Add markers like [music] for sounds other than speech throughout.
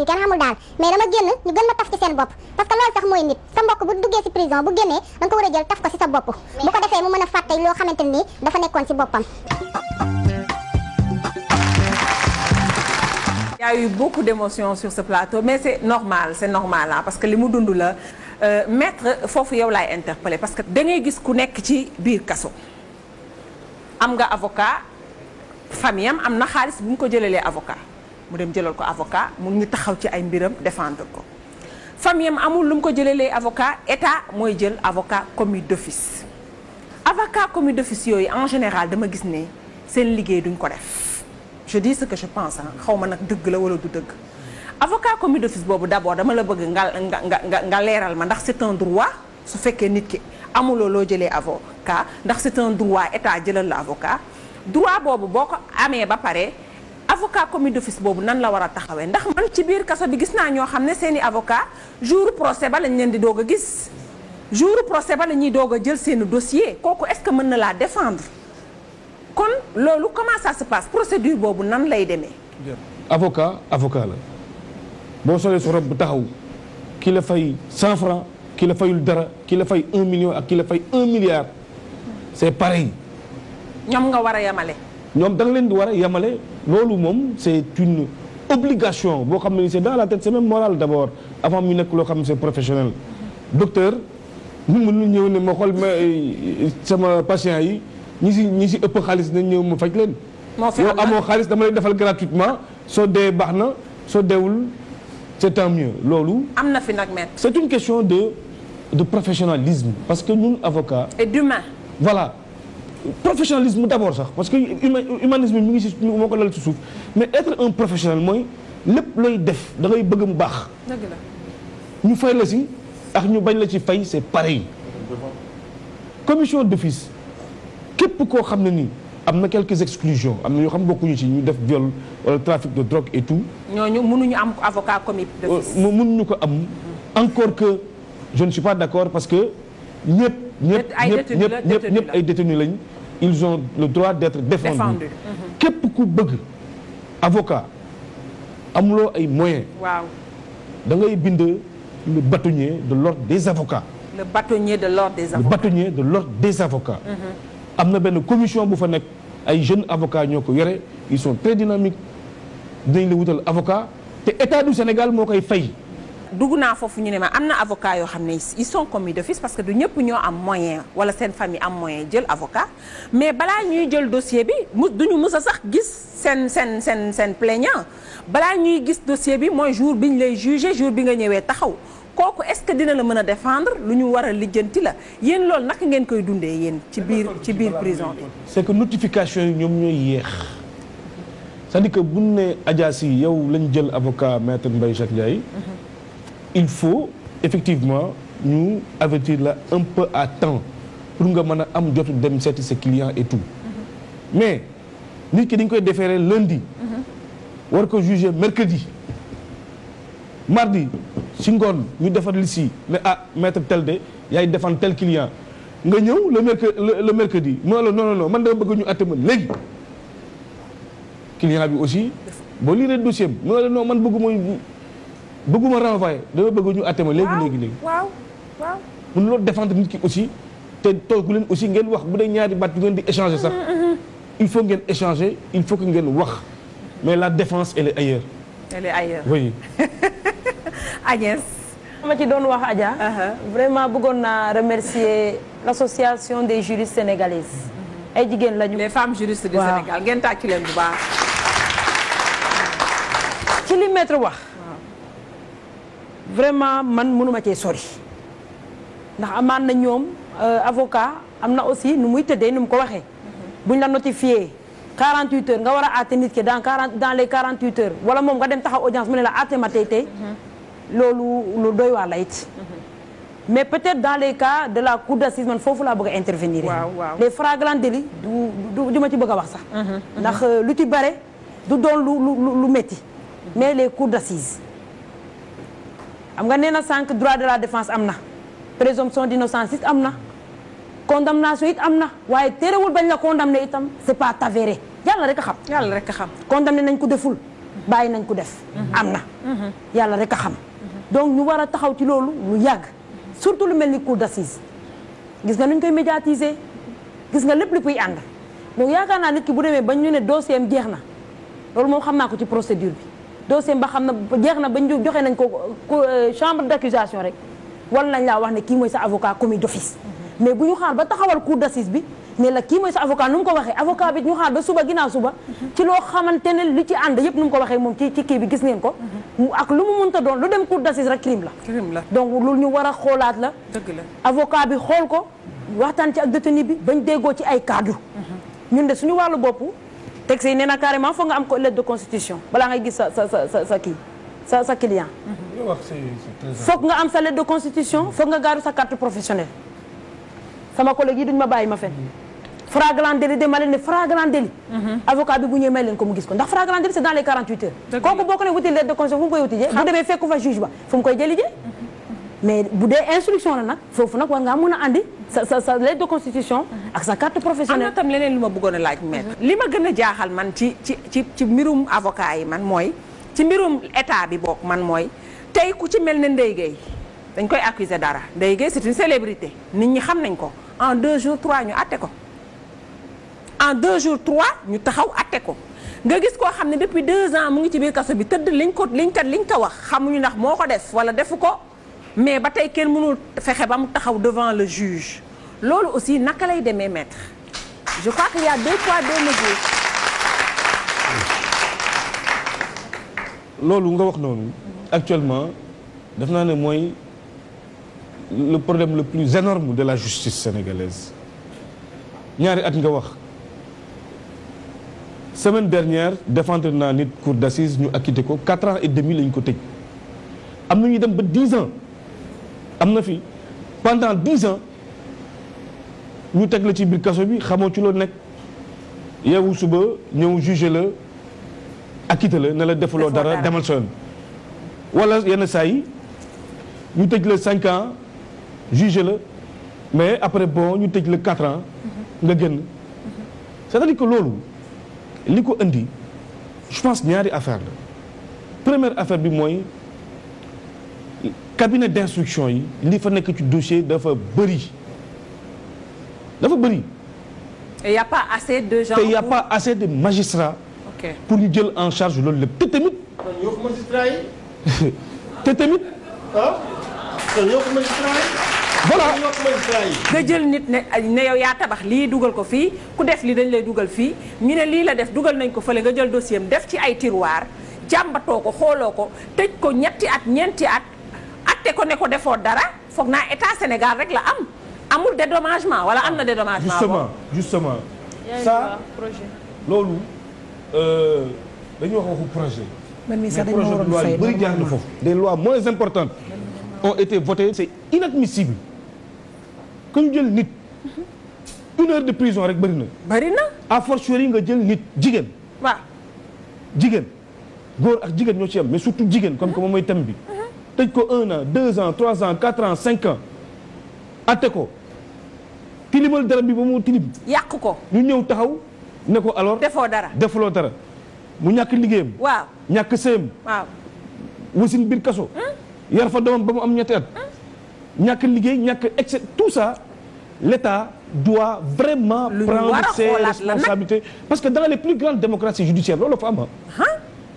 yi kenn xamul daal mais dama génn ñu gën ma taf ci seen bopp parce loolu sax mooy nit sa mbokk bu duggee ci prison bu génnee da ko war a jël taf ko ci sa bopp bu ko defee mu mën a fàtte loo xamante ni dafa nekkoon ci boppam a eu beaucoup d'émotions sur ce normal normal ah parce que li mu dund la euh, maître foofu yow laay interpellé parce que da ngay gis ku nekk ci biir kaso am nga avocat famille am na xaalis bu ñu ko jëlalee avocat mu dem jëlal ko avocat mu ngi taxaw ci ay mbiram défendre ko famiyam amul lu mu ko jëlalee avocat état mooy jël avocat commis d'office avocat commis d'office yooyu en général dama gis ne seen liggéey duñ ko def je dis ce que je pense ah xaw ma nag dëgg la wala du dëgg avocat commis d'office boobu d'abord dama la bëgg nga nga nga leeral ma ndax c'est un droit su fekkee nit ki amuloo loo jëlee avocat ndax c'est un droit état jëlal la avocat droit boobu boo ko amee ba pare avocat commis d'office boobu nan la war a taxawee ndax man ci biir kaso bi gis naa ñoo xam ne seeni i avocat jour procès ba lañ leen di doog a gis jour procès ba la ñuy doog a jël seen dossier kooku est-ce que mën na laa défendre kon loolu comment ça se passe procédure boobu nan lay demee. avocat avocat la boo solee sa robe taxaw ki la fay 100 francs ki la fayul dara ki la fay 1 million ak ki fay 1 milliard c'est pareil. ñoom nga war a yemale. ñoom da nga leen di war a yemale loolu moom c'est une obligation boo xam ne c'est dans la tête c'est même moral d'abord avant mu nekk loo xam ne c'est professionnel docteur ñu mënul ñëw ne ma xool ma sama patient yi ñi si ñi si ëpp xaalis nañ ñëw ma faj leen yow amoo xaalis dama defal gratuitement soo dee baax na soo deewul c'est tant mieux loolu am na fi nag maître c'est une question de de professionnalisme parce que ñun e et voilà professionnalisme d'abord sax parce que humanisme mi ngi si moo ko lal ci suuf mais être un professionnel mooy lépp lay def da ngay bëgg mu baax. ñu fay la si ak ñu bañ la ci fay c'est pareil. commission d'office képp koo xam ne ni am na quelques exclusions am na ñu xam bokkuñu ci ñu def viol wala trafic de drogue et tout. ñooñu mënuñu am avocat commis d'office. Euh, mënuñu ko am encore que je ne suis pas d'accord parce que ñëpp. ñëpp ñëpp ñëpp ñëpp ay détenus lañ. ils ont le droit d'être défendus mhm. képp ku bëgg avocat amuloo ay moyens waaw da ngay bind le bâtonnier de l'ordre des avocats le bâtonnier de l'ordre des avocats le bâtonnier de l'ordre des mhm. am na benn commission bu fa nekk ay jeunes avocats ñoo ko yore ils sont très dynamiques dinañ la wutal avocat te état du Sénégal moo koy fay dugg naa foofu ñu ne ma am na avocat yoo xam ne ils sont commis d'office parce que du ñëpp ñoo am moyen wala seen famille am moyen jël avocat mais balaa ñuy jël dossier bi mu duñu mës a sax gis seen seen seen seen balaa ñuy gis dossier bi mooy jour bi ñu lay jugé jour bi nga ñëwee taxaw kooku est-ce que dina la mën a défendre lu ñu war a lijjanti la yéen loolu naka ngeen koy dundee yéen ci biir ci biir prison bi c'est que notification yi ñoom ñooy yéex cest à que buñ ne ajaas yi yow lañ jël avocat maître Mbaye Jacques Ndiaye mm-hmm. il faut effectivement ñu avertir la un peu à temps pour nga mën a am jotu dem seeti sa client et tout mm-hmm. mais nit ki dañ koy déférer lundi mm-hmm. war ko juger mercredi mardi si ngoon ñu defar li si ne ah maître tell de yaay défendre tel client nga ñëw le mercredi le mercredi non non non man dama bëgg ñu àtte ma léegi client bi aussi boo liiree dossier am non man bëgg bëgguma renvoyer dama bëgg ñu àtte ma léegi léegi léegi waaw waaw mun loolu défendre nit ki aussi te toogu leen aussi ngeen wax bu dee ñaari baat yu ngeen di échanger sax mm-hmm, mm-hmm. il faut ngeen échanger il faut que ngeen wax mais la défense elle est ailleurs elle est ailleurs [laughs] ma ci doon wax Adja uh-huh. vraiment bëggoon na remercier l'association des juristes sénégalaises mm-hmm. ay jigéen lañu les femmes juristes du Sénégal ngeen tàcc leen bu baax ci li maître wax vraiment man mënuma cee sori ndax amaan na ñoom euh, avocat am na aussi nu muy tëddee nu mu ko waxee buñ la notifié 48 heures nga war a àtte nit ki dans 40 dans les 48 heures wala moom nga dem taxaw audience mu ne la àtte ma tey tey loolu lu doy waar la it mais peut-être dans les cas de la cour d'assises man foofu laa bëgg a intervenir waaw waaw les flagrants du du ma ci bëgg a wax sax mhm, mhm. ndax euh, lu ci bare du doon lu lu lu métti mhm. mais les cours d'assises xam nga nee na sànq droit de la défence am na son présomption d'innocence it am na condamnation it am na waaye tere terewul bañ la condamné itam c'est pas avéré yàlla rek a xam. yàlla a xam condamné nañ ko deful bàyyi nañ ko def. Mhm. am na. Mhm. yàlla rek a xam. Mhm. donc ñu war a taxaw ci loolu lu yàgg surtout lu mel ni cour d'assises gis nga luñ koy médiatiser gis nga lépp li koy ànd donc yaakaar naa nit ki bu demee bañ ñu ne dossier am jeex na loolu moom xam naa ko ci procédure bi. dossier ba xam na jeex na ba ñu joxe nañ ko euh, chambre d'accusation rek wala nañ laa wax ne kii mooy sa avocat commis d'office mais bu ñu xaar ba taxawal cour d'assises bi ne la kii mooy sa avocat nu mu ko waxee avocat bi ñu xaar ba suba ginnaaw suba ci loo xamante ne li ci ànd yëpp nu mu ko waxee moom ci ci kii bi gis ngeen ko ak lu mu mënta doon lu dem cour d'assises rek crime la crime la donc loolu ñu wara xoolaat la dëgg la avocat bi xool ko waxtaan ci ak détenu bi bañ déggoo ci ay kaddu mhm. ñun suñu wàllu bopp texte yi nee na carrément foog nga am ko de constitution balaa ngay gis sa sa sa sa kii sa sa client. foog nga am sa lettre de constitution foog nga gaaru sa carte professionnelle. sama collègue yi duñ ma bàyyi ma fen flagrant délit de ma ne flagrant délit mm-hmm. avocat bi bu ñëwee leen ko mu gis ko ndax flagrant délit c'est dans les 48 heures. dëgg la boo ko ne wuti lettre de constitution fu mu koy wuti jee. bu demee fekku fa juge ba mu koy jëli jee. mais bu dee instruction la nag foofu nag war ngaa mën a indi sa sa sa lettre de constitution. ak sa carte professionnelle. am na tam leneen lu ma bëggoon a laaj maître. Mhm. li ma gën a jaaxal man ci ci ci ci mbirum avocat yi man mooy ci mbirum état bi bokk man mooy tey ku ci mel ne Ndeye Gueye dañ koy accuser dara Ndeye Gueye c'est une célébrité nit ñi xam nañ ko en deux jours trois ñu atte ko en deux jours trois ñu taxaw atte ko. nga gis koo xam ne depuis deux ans mu ngi ci biir kaso bi tëdd liñ ko liñ kat liñ ko wax xamuñu ndax moo ko def wala defu ko mais ba tey kenn mënul fexe ba mu taxaw devant le juge loolu aussi naka lay demee maître je crois qu'il y a deux poids deux mesures. loolu nga wax noonu. actuellement def naa ne mooy le problème le plus énorme de la justice sénégalaise ñaari at nga wax semaine dernière défendre naa nit cour d'assises ñu acquitté ko quatre ans et demi lañ ko tëj am na ñu dem ba dix ans. am na fi pendant dix ans ñu teg la ci biir kaso bi xamoo ci loo nekk yeewu suba ñëw jugé la acquitté la ne la defuloo dara demal soon yoon wala yenn saa ñu tëj la cinq ans jugé la mais après bon ñu tëj la quatre ans mhm. nga génn c'est-à-dire que loolu li ko indi je pense ñaari affaire la première affaire bi mooy cabinet d'instruction yi li fa nekk ci dossier dafa bëri dafa bëri. et y te y a de magistrats. pour ñu jël en charge loolu lépp te tamit. [laughs] te tamit. ah nga jël nit ne ne yow yaa tabax lii dugal ko fii ku def li dañ lay dugal fii ñu ne lii la def dugal nañ ko fële nga jël dossier am def ci ay tiroir jàmbatoo ko xooloo ko tëj ko ñetti at ñeenti at atte ko ne ko defoo dara foog naa état Sénégal rek la am amul dédommagement wala am na dédommagement. justement justement ça loolu euh, dañu wax waxu projet. man mii sax dañu projet de loi yu na foofu. des lois moins importantes ont été votées c'est inadmissible que jël nit une heure de prison rek bëri na. bëri na à fortiori nga jël nit jigéen. waaw jigéen góor ak jigéen ñoo ci am mais surtout jigéen comme que mooy thème bi. Mm-hmm. tëj ko un an deux ans trois ans quatre ans cinq ans atte ko tilimal dara bi ba mu tilim. yàq ko ñu ñëw taxaw ne ko alors. defoo dara defuloo dara mu ñàkk liggéeyam. waaw ñàkk sëyam. waaw wasin biir kaso. yar fa doomam ba mu am ñetti at. ñàkk liggéey ñàkk excès tout ça l' état doit vraiment prendre ses responsabilités parce que dans les plus grandes démocraties judiciaires loolu fa am ah.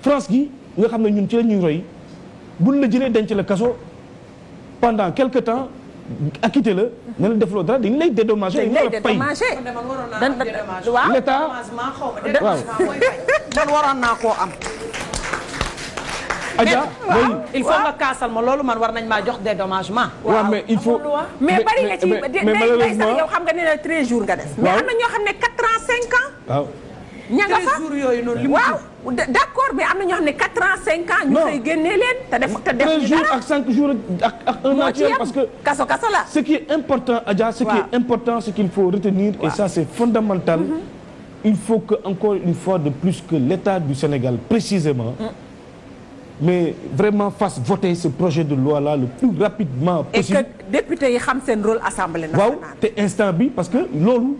France gi nga xam ne ñun ci la ñuy roy. buñ la jëlee denc la kaso pendant quelque temps acquitté la ne la defloo dara dañ lay dédommagé. dañ lay dédommagé waaw l'état waaw man [laughs] waroon naa koo am. Adja il faut nga kaasal ma loolu man war nañ maa jox dédommagement. waaw mais il faut mais bari na ci mais malheureusement yow xam nga ne 13 jours nga def. mais am na ñoo xam ne 4 ans 5 ans. ña nga fa yooyu noonu. waaw d' accord mais am na ne 4 ans 5 ans. ñu koy génnee leen te def jours ak 5 jours ak ak 1 parce que kaso kaso la. ce qui est important Adja ce qui est important ce qu'il faut retenir. et ça c'est fondamental. Mm-hmm. il faut que encore une fois de plus que l'État du Sénégal précisément. Mm. mais vraiment fasse voter ce projet de loi là le plus rapidement possible. et député yi xam seen rôle assemblée nationale. waaw te instant bi parce que loolu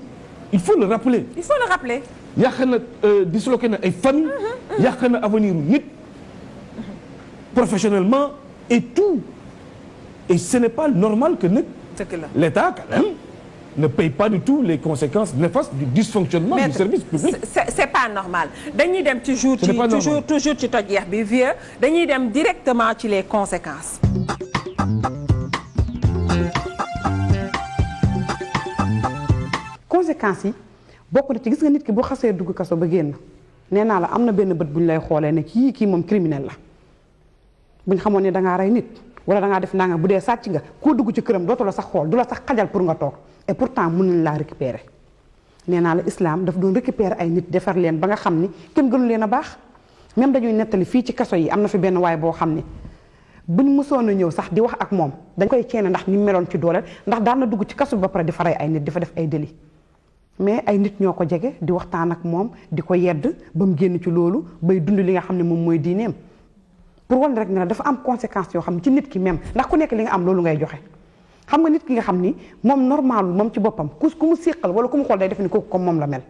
il faut le rappeler. il faut le rappeler. yàq na euh, disloqué na ay famille yàq na avenir nit professionnellement et tout et ce n'est pas normal que nag l'État quand même ne paye pas du tout les conséquences néfastes du dysfonctionnement Maître, du service public. c'est c'est pas normal dañuy dem toujours ci toujours toujours ci toj yeex bi vieux dañuy dem directement ci les conséquences conséquences yi bokk na ci gis nga nit ki bu xasee dugg kaso ba génn nee naa la am na benn bët bu ñu lay xoolee ne kii kii moom criminel la bu ñu xamoon ne dangaa rey nit wala dangaa def ndànk bu dee sàcc nga koo dugg ci këram dootu la sax xool du la sax xajal pour nga toog et pourtant mën nañ laa récupérer nee naa la islam daf doon récupérer ay nit defar leen ba nga xam ni kenn gënu leen a baax même dañuy nettali fii ci kaso yi am na fi benn waay boo xam ni buñ mosoon a ñëw sax di wax ak moom dañ koy ceene ndax ni meloon ci dooleel ndax daan dugg ci kaso ba pare ay nit di def ay délit mais ay nit ñoo ko jege di waxtaan ak moom di ko yedd ba mu génn ci loolu bay dund li nga xam ne moom mooy diineem pour wan rek ne la dafa am conséquence yoo xam ci nit ki même ndax ku nekk li nga am loolu ngay joxe xam nga nit ki nga xam ni moom normal moom ci boppam ku ku mu séqal wala ku mu xool day def ni kooku comme moom la mel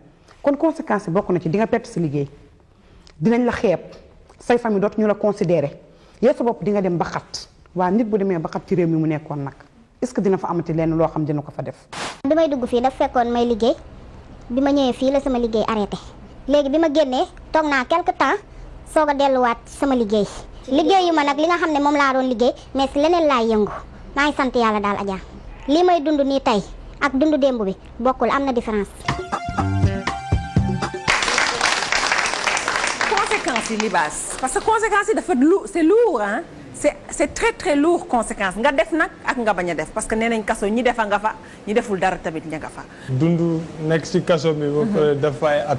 kon conséquence bokk na ci di nga perte sa liggéey dinañ la xeeb say famille dootu ñu la considéré yow sa bopp di nga dem ba xat waa nit bu demee ba xat ci réew mi mu nekkoon nag est-ce que dina amati lenn loo xam dina ko fa def. bi ma ñëwee fii la sama liggéey arrêté léegi bi ma génnee toog naa quelque temps soog a delluwaat sama liggéey liggéeyu ma nag li nga xam ne moom laa doon liggéey mais si leneen laay yëngu maa ngi sant yàlla daal Adja lii may dund nii tey ak dund démb bi bokkul am na différence. conséquences yi libaas que conséquences yi c'est c'est très très lourd conséquence nga def nag ak nga bañ a def parce que nee nañ kaso ñi defa nga fa ñi deful dara tamit ña nga fa. dundu nekk ci kaso bi. ba pare mhm. dafa ay at.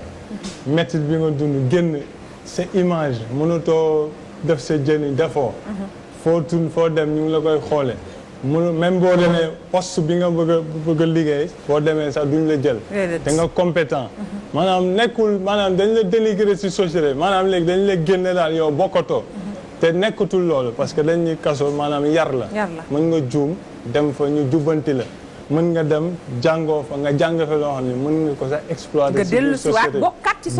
métti bi nga dund génn sa image mënatoo def sa jëni defoo. Mhm. foo tun foo dem ñu ngi la koy xoolee. mënu même boo demee post bi nga bëgg a bëgg liggéey. boo demee sax duñ la jël. da nga compétent. Mhm. maanaam nekkul maanaam dañ la dénigré ci société maanaam léegi dañ la génne daal yow bokkatoo. te nekkatul loolu parce que dañuy kaso maanaam yar la mën nga juum dem fa ñu jubbanti la mën nga dem jàngoo fa nga jàng fa loo xam ne mën nga ko sax exploiter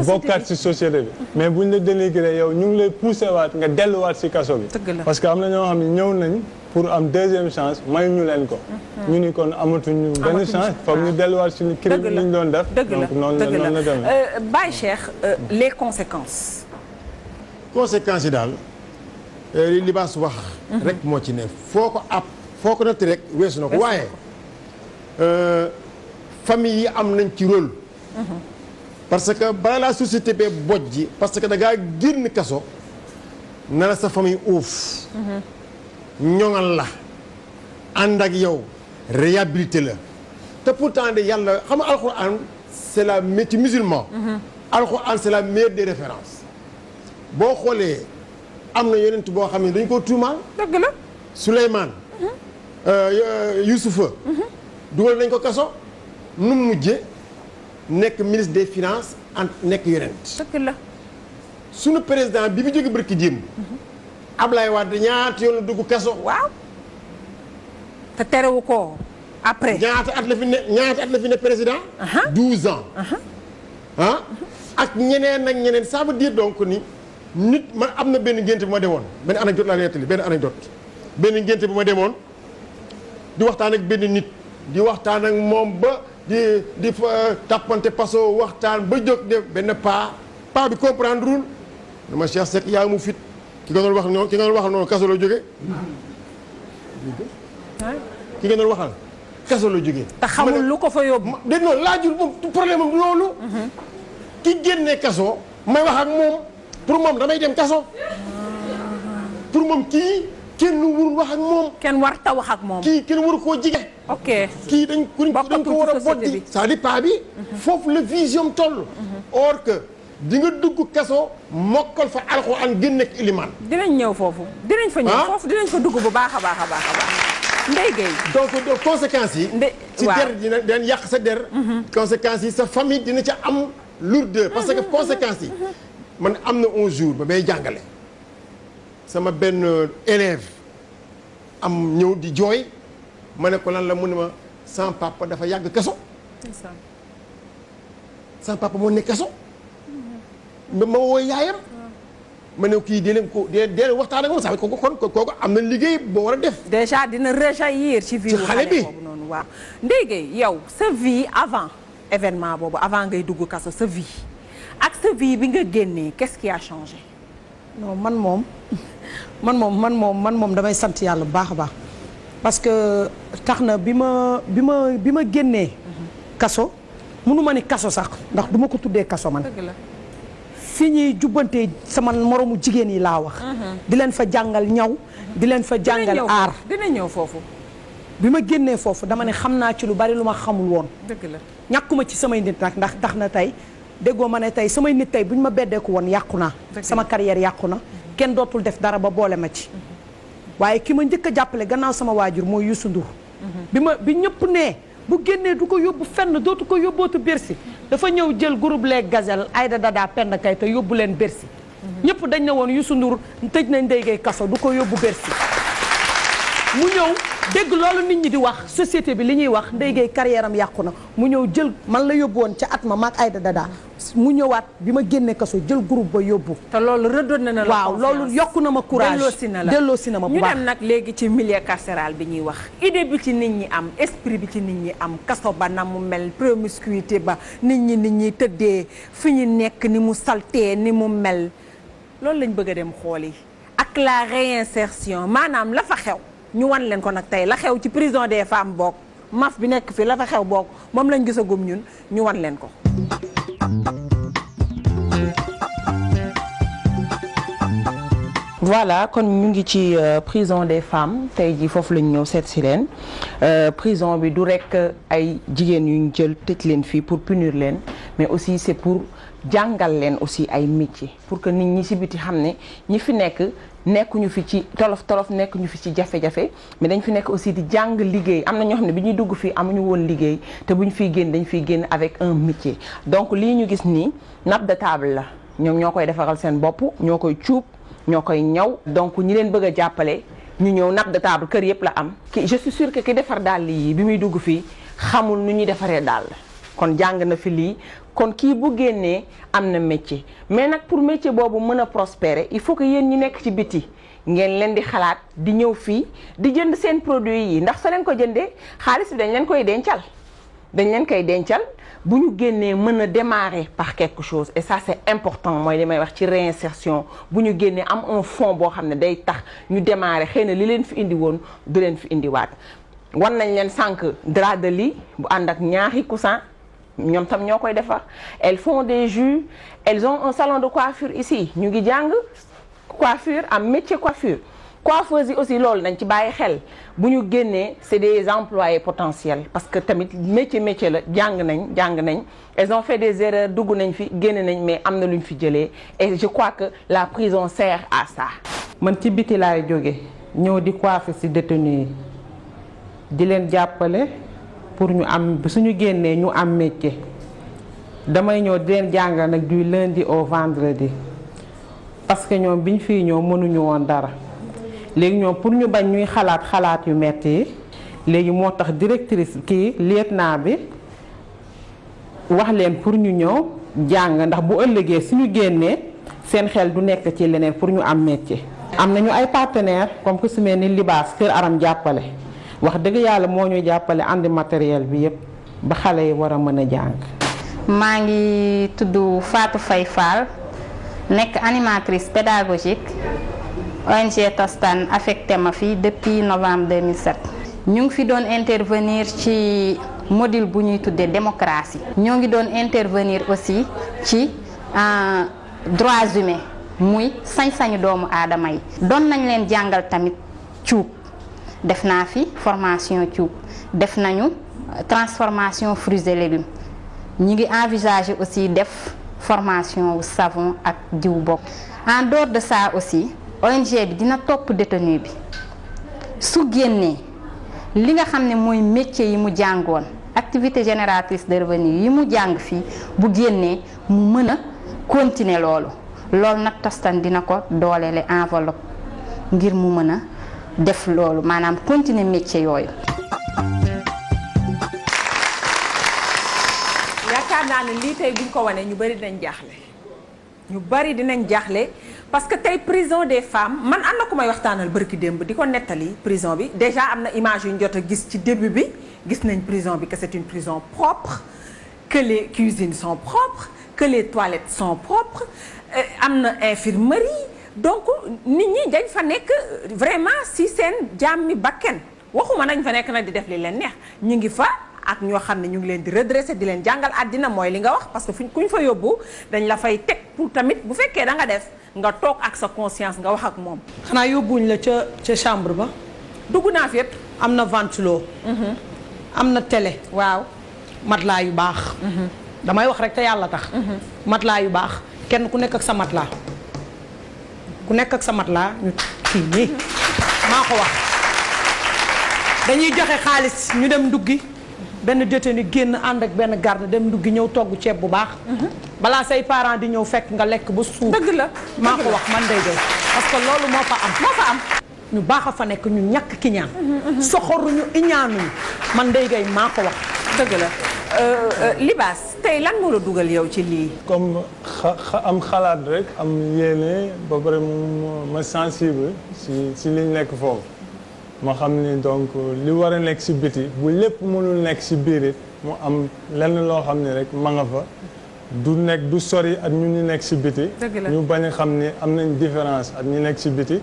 bokkaat ci société bi mais bu buñ la dénigré yow ñu ngi lay poussé waat nga delluwaat si kaso bi parce que am na ñoo xam ne ñëw nañ pour am deuxième chance mayuñu leen ko mhm. ñu ni kon amatuñu benn chance foog ñu delluwaat suñu crime li ñu doon def donc noonu la noonu la demee euh, Baye Cheikh euh, les conséquences conséquences yi daal Euh, li libaas wax rek moo ci ne foo ko ab foo ko natt rek weesu na ko waaye euh, famille yi am nañ ci rôle mm-hmm. parce que bala la société bee bojji parce que da ngaa génn kaso na la sa famille uuf mm-hmm. ñoŋal la ànd ak yow réhabilité la te pourtant de yàlla xam nga alxuraan c'est la ci musulman mm-hmm. alxuraan c'est la meilleure des références boo xoolee am na yeneent boo xam ne dañ koo tuumaal. dëgg la Souleymane. Mhm. Euh, Youssoufa. Euh, mhm. dugal nañ ko kaso. nu mu mujjee nekk ministre des finances en nekk yonent. dëgg la. sunu président bi bi jóge barki démb. Mhm. Ablaye Wade ñaata yoon la dugg kaso. waaw. te terewu ko après. ñaata at la fi ne ñaata at la fi ne président. 12 ans. Ah? ak ñeneen ak ñeneen ça veut dire donc ni. nit man am na benn ngénte bi ma demoon benn anecdote laa nettali benn anecdote benn ngénte bi ma demoon di waxtaan ak benn nit di waxtaan ak moom ba di di fa euh, tàppante paso waxtaan ba jóg de benn paa paa bi comprendre lul dama Cheikh set yaa mu fit ki nga doon wax noonu ki nga doon waxal noonu kaso la jóge ki nga doon waxal kaso la jóge te xamul lu ko fa yóbbu de noonu laajul moom problème am loolu mhm. ki génnee kaso may wax ak moom pour moom damay dem kaso pour moom kii kenn warul wax ak moom. kenn war ta wax ak moom. kii kenn waru koo jige. ok kii dañ ko dañ ko war a boddi sa à pas bi. foofu la vision toll. or que di nga dugg kaso mokkal fa alxuraan génn ak ilimaan. dinañ ñëw foofu. dinañ fa ñëw ah? foofu dinañ ko dugg bu baax a baax a baax a baax. Ndeye Gueye donc donc conséquences yi. ci der dina daan yàq sa der. Mhm. conséquences yi sa famille dina ca am lourdeur parce que mhm. conséquences yi. Mhm. man am na un jour ba may jàngale sama benn élève am ñëw di jooy ma ne ko lan la mu ne ma sans papa dafa yàgg kaso. sans papa moo nekk kaso. ma ma woo yaayam. Ah. ma ne kii dee leen ko dee dee leen waxtaan ak moom sax kooku kon kooku am na liggéey boo war a def. déjà dina rejaillir ci vie. ci xale bi boobu noonu waaw. Ndeye Gueye yow sa vie avant événement boobu avant ngay dugg kaso sa vie. ak sa vie bi nga génnee quest qui a changé. man moom man moom man moom man moom damay sant yàlla bu baax a baax parce que tax na bi ma bi ma bi ma génnee. kaso mënu ma ni kaso sax ndax du ma ko tuddee kaso man. fi ñuy jubbante sama moromu jigéen yi laa wax. Mhm. di leen fa jàngal ñaw. di leen fa jàngal aar dina ñëw foofu. bi ma génnee foofu dama ne xam naa ci lu bari lu ma xamul woon. dëgg la ñàkkuma ci samay nit nag ndax tax na tey. déggoo ma ne tey samay nit tey bu ñu ma beddeeku woon yàqu naa sama carrière yàqu na kenn dootul def dara ba boole ma ci waaye ki ma njëkk a jàppale gannaaw sama waajur mooy Youssou Ndour mhm. bi ma bi ñëpp nee bu génnee du ko yóbbu fenn dootu ko yóbbootu Bercy dafa ñëw jël groupe les ayda Aïda Dada Penda Kayta yóbbu leen Bercy mhm. ñëpp dañ ne woon Youssou ndur tëj nañ Ndeye Gueye kaso du ko yóbbu Bercy mu ñëw dégg loolu nit ñi di wax société bi li ñuy wax Ndeye Gueye yàqu na mu ñëw jël man la yóbbu woon at ma maag Aïda Dada mu ñëwaat bi ma génne kaso jël groupe ba yóbbu. te loolu rëddoon na la waaw loolu yokk na ma courage delloosi na la delloosi na ma bu baax ñu dem nag léegi ci millier carcéral bi ñuy wax idée bi ci nit ñi am esprit bi ci nit ñi am kaso ba na mu mel promiscuité ba nit ñi nit ñi tëddee fi ñu nekk ni mu saltee ni mu mel loolu lañ bëgg a dem xool yi ak la réinsertion maanaam la fa xew ñu wan leen ko nag tey la xew ci prison des femmes bokk maf bi nekk fii la fa xew bokk moom lañ gisagum ñun ñu leen ko voilà kon ñu ngi ci euh, prison des femmes tey jii foofu lañu ñëw seet si leen euh, prison bi du rekk ay jigéen yu ñu jël tëj leen fii pour punir leen mais aussi c'est pour jàngal leen aussi ay métier pour que nit ñi si biti xam ne ñi fi nekk nekkuñu fi ci tolof tolof nekkuñu fi ci jafe-jafe mais dañ fi nekk aussi di jàng liggéey am na ñoo xam ne bi ñuy dugg fii amuñu woon liggéey te bu ñu fiy génn dañ fiy génn avec un métier donc lii ñu gis nii nappe de table la ñoom ñoo koy defaral seen bopp ñoo koy cuub ñoo koy ñaw donc ñi leen bëgg a jàppale ñu ñëw nappe de table kër yëpp la am ki je suis ki defar dàll bi muy dugg fii xamul nu ñuy defaree dàll kon jàng na fi lii kon kii bu génnee am na métier mais nag pour métier boobu mën a prospérer il faut que yéen ñi nekk ci biti ngeen leen di xalaat di ñëw fii di jënd seen produit yi ndax soo leen ko jëndee xaalis bi dañ leen koy dencal dañ leen koy dencal bu ñu génnee mën a démarrer par quelque chose et ça important mooy li may wax ci réinsertion bu ñu génnee am un fonds boo xam ne day tax ñu démarrer xëy na li leen fi indi woon du leen fi indiwaat wan nañ leen sànq drap de lit bu ànd ak ñaari coussin ñoom tam ñoo koy defar elles font des jus elles ont un salon de coiffure ici ñu ngi jàng coiffure am métier coiffure coiffeuse aussi loolu nañ ci bàyyi xel bu ñu génnee c'est des employés potentiels parce que tamit métier métier la jàng nañ jàng nañ elles ont fait des erreurs dugg nañ fi génne nañ mais am na lu ñu fi jëlee et je crois que la prison sert à ça. man ci biti laay jóge ñëw di coiffer ci détenu yi di leen jàppale. pour ñu am suñu génnee ñu am métier damay ñëw di leen jàngal nag du lundi au vendredi parce que ñoom biñ fii ñëw mënuñu woon dara léegi ñoom pour ñu bañ ñuy xalaat xalaat yu metti yi léegi moo tax directrice kii lieutenant bi wax leen pour ñu ñëw jàng ndax bu ëllëgee suñu génnee seen xel du nekk ci leneen pour ñu am métier. am nañu ay partenaires comme que su mel ni Libaas Kër Aram jàppale. wax dëgg yàlla moo ñu jàppale àndi matériel bi yëpp ba xale yi war a mën a jàng. maa ngi tudd faatu fay Fall nekk animatrice pédagogique ONG Tostan affecté ma fi depuis novembre 2007. ñu ngi fi doon intervenir ci modile bu ñuy tuddee démocratie. ñoo ngi doon intervenir aussi ci euh, droits humains muy sañ-sañu doomu aadama yi. doon nañ leen jàngal tamit cuub. def naa fi formation cuub def nañu euh, transformation fruits et légumes ñi ngi envisager aussi def formation wu savon ak jiw bokk en dehors de ça aussi ONG bi dina topp détenu bi su génnee li nga xam ne mooy métier yi mu jàngoon activité génératrice de revenu yi mu jàng fii bu génnee mu mën a continuer loolu loolu nag Tostan dina ko doolele enveloppe ngir mu mën a def loolu maanaam continuer métier yooyu. yaakaar naa ne lii tey buñ ko wanee ñu bari dinañ jaaxle ñu bari dinañ jaaxle parce que tey prison des femmes man am na ku may waxtaanal bërki démb di ko nettali prison bi déjà am na image yu ñu jot a gis ci début bi gis nañ prison bi que c'est une prison propre que les son sont propres que son toilettes euh, am na infirmerie. donc nit ñi dañ fa nekk vraiment si seen jàmmi bakken waxuma nañ fa nekk nag di def li leen neex ñu ngi fa ak ñoo xam ne ñu ngi leen di redresser di leen jàngal àddina mooy li nga wax parce que fuñ kuñ fa yóbbu dañ la fay teg pour tamit bu fekkee danga nga def nga toog ak sa conscience nga wax ak moom. xanaa yóbbuwuñ la ca ca chambre ba. dugg naa fi yëpp. am na ventilo. Mm-hmm. am na télé. waaw mat laa yu baax. Mm-hmm. damay wax rek te yàlla tax. Mm-hmm. mat laa yu baax kenn ku nekk ak sa matelas. ku nekk ak sa mat laa ñu kii nii maa ko wax dañuy joxe xaalis ñu dem nduggi benn détenu génn ànd ak benn garde dem nduggi ñëw togg ceeb bu baax balaa say parent di ñëw fekk nga lekk ba suur dëgg la maa ko wax man day doy parce que loolu moo fa am moo fa am ñu baax a fa nekk ñu ñàkk kiñaan ñaan soxoruñu iñaanuñu man day gay maa ko wax dëgg la euh, euh, libaas tey lan moo la dugal yow ci lii. comme xa am xalaat rek am yéene ba pare mu ma sensible si si liñ nekk foofu ma xam ni donc li war a nekk si biti bu lépp mënul nekk si biir it mu am lenn loo xam ne rek ma nga fa du nekk du sori ak ñu ñu nekk si biti. ñu bañ a xam ni am nañ différence ak ñu nekk si biti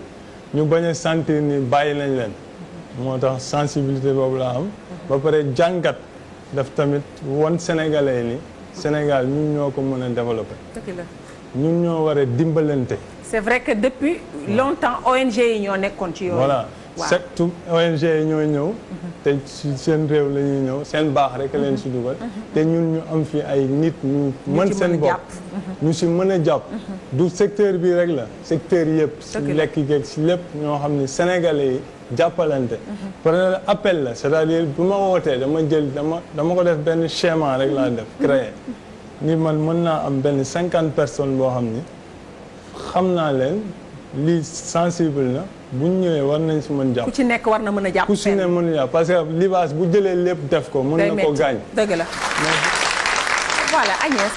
ñu bañ a sentir ni bàyyi nañ leen. moo tax sensibilité boobu laa am. ba pare jàngat. daf tamit won sénégalais ni Sénégal ñun ñoo ko mën a développer. dëgg la ñun ñoo war a dimbalante. c'est vrai que depuis longtemps ONG yi ñoo nekkoon ci yooyu. voilà surtout ONG yi ñoo ñëw. Mhm. te ci seen réew la ñëw seen baax rek leen si mhm. dugal. Mhm. te ñun ñu am fi ay nit ñu. mën seen bopp ñu si mën a jàpp. du secteur bii rek la secteur yëpp. si lekk geeg si lépp ñoo xam ni sénégalais yi. jàppalante. Mhm. preneur appel la c'est-à-dire bu ma wootee dama jël dama dama ko def benn schéma rek laa def mhm. créer ni man mën naa am benn cinquante personne boo xam ni xam naa leen lii sensible na bu ñëwee war nañ si mën jàpp. ku ci nekk war na mën a jàpp ku si ne mën jàpp parce que libaas bu jëlee lépp def ko. mën na ko gaañ dëgg la. voilà Agnès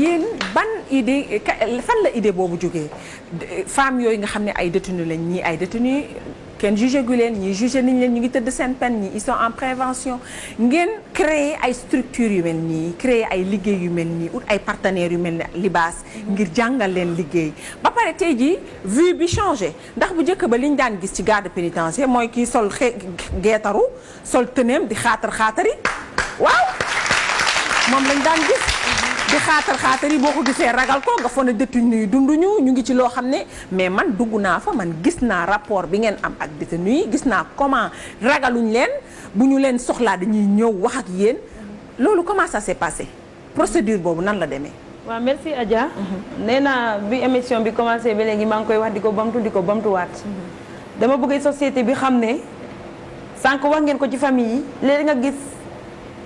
yéen ban idée fan la idée boobu jógee femmes yooyu nga xam ne ay détenus lañ ñii ay détenus kenn jugé gu leen ñi jugé nañ leen ñu ngi tëdd seen peine ñi ils sont en prévention ngeen créer ay structures yu mel nii créer ay liggéey yu mel nii ut ay partenaire yu mel li baas ngir jàngal leen liggéey ba pare tey jii vue bi changé ndax bu njëkk ba liñ daan gis ci garde pénitentiaire mooy kii sol xe geetaru sol tëneem di xaatar xaatar waaw moom lañ daan gis di xaatar xaatar yi boo ko gisee ragal ko nga foog ne détenu yi dunduñu ñu ngi ci loo xam ne mais man dugg naa fa man gis naa rapport bi ngeen am ak détenu yi gis naa comment ragaluñ leen bu ñu leen soxlaa dañuy ñëw wax ak yéen loolu comment ça s'est passé procédure boobu nan la demee. waaw merci Adja. Mhm. nee naa bi émission bi commencé ba léegi maa ngi koy wax di ko bamtu di ko bamtuwaat. Mhm. dama bëgg société bi xam ne sànq wax ngeen ko ci famille yi léegi nga gis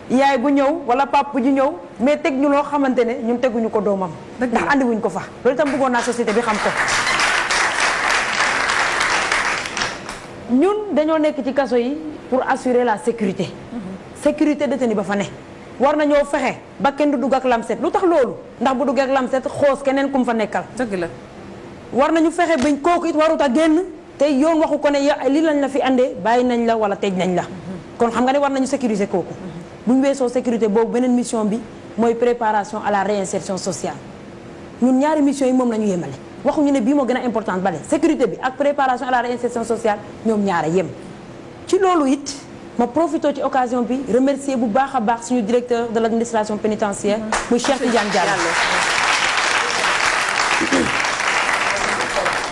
yaay bu ñëw wala pap bu ñëw. mais teg ñu loo xamante ne ñun teguñu ko doomam. ndax andiwuñ ko fa loolu itam bëggoon naa société bi xam ko. ñun dañoo nekk ci kaso yi pour assurer la sécurité. Mm-hmm. sécurité détenu ba fa ne. war nañoo fexe ba kenn du dugg ak lamset lu tax loolu ndax bu dugg ak lamset xoos keneen ku mu fa nekkal. dëgg la war nañu fexe bañ kooku it warut a génn te yoon waxu ko ne li lañ la fi andee bàyyi nañ la wala teg nañ la. Mm-hmm. kon xam nga ne war nañu sécuriser kooku. Mm-hmm. bu ñu weesoo sécurité boobu beneen mission bi mooy préparation à la réinsertion sociale ñun ñaari mission yi moom la ñu yemale waxuñu ne bii moo gën a important bale sécurité bi ak préparation à la réinsertion sociale ñoom ñaara yem ci loolu it ma profité ci occasion bi remercier bu baax a baax suñu directeur de l' administration pénitentiaire mhm. muy Cheikh Tidiane Diallo [coughs]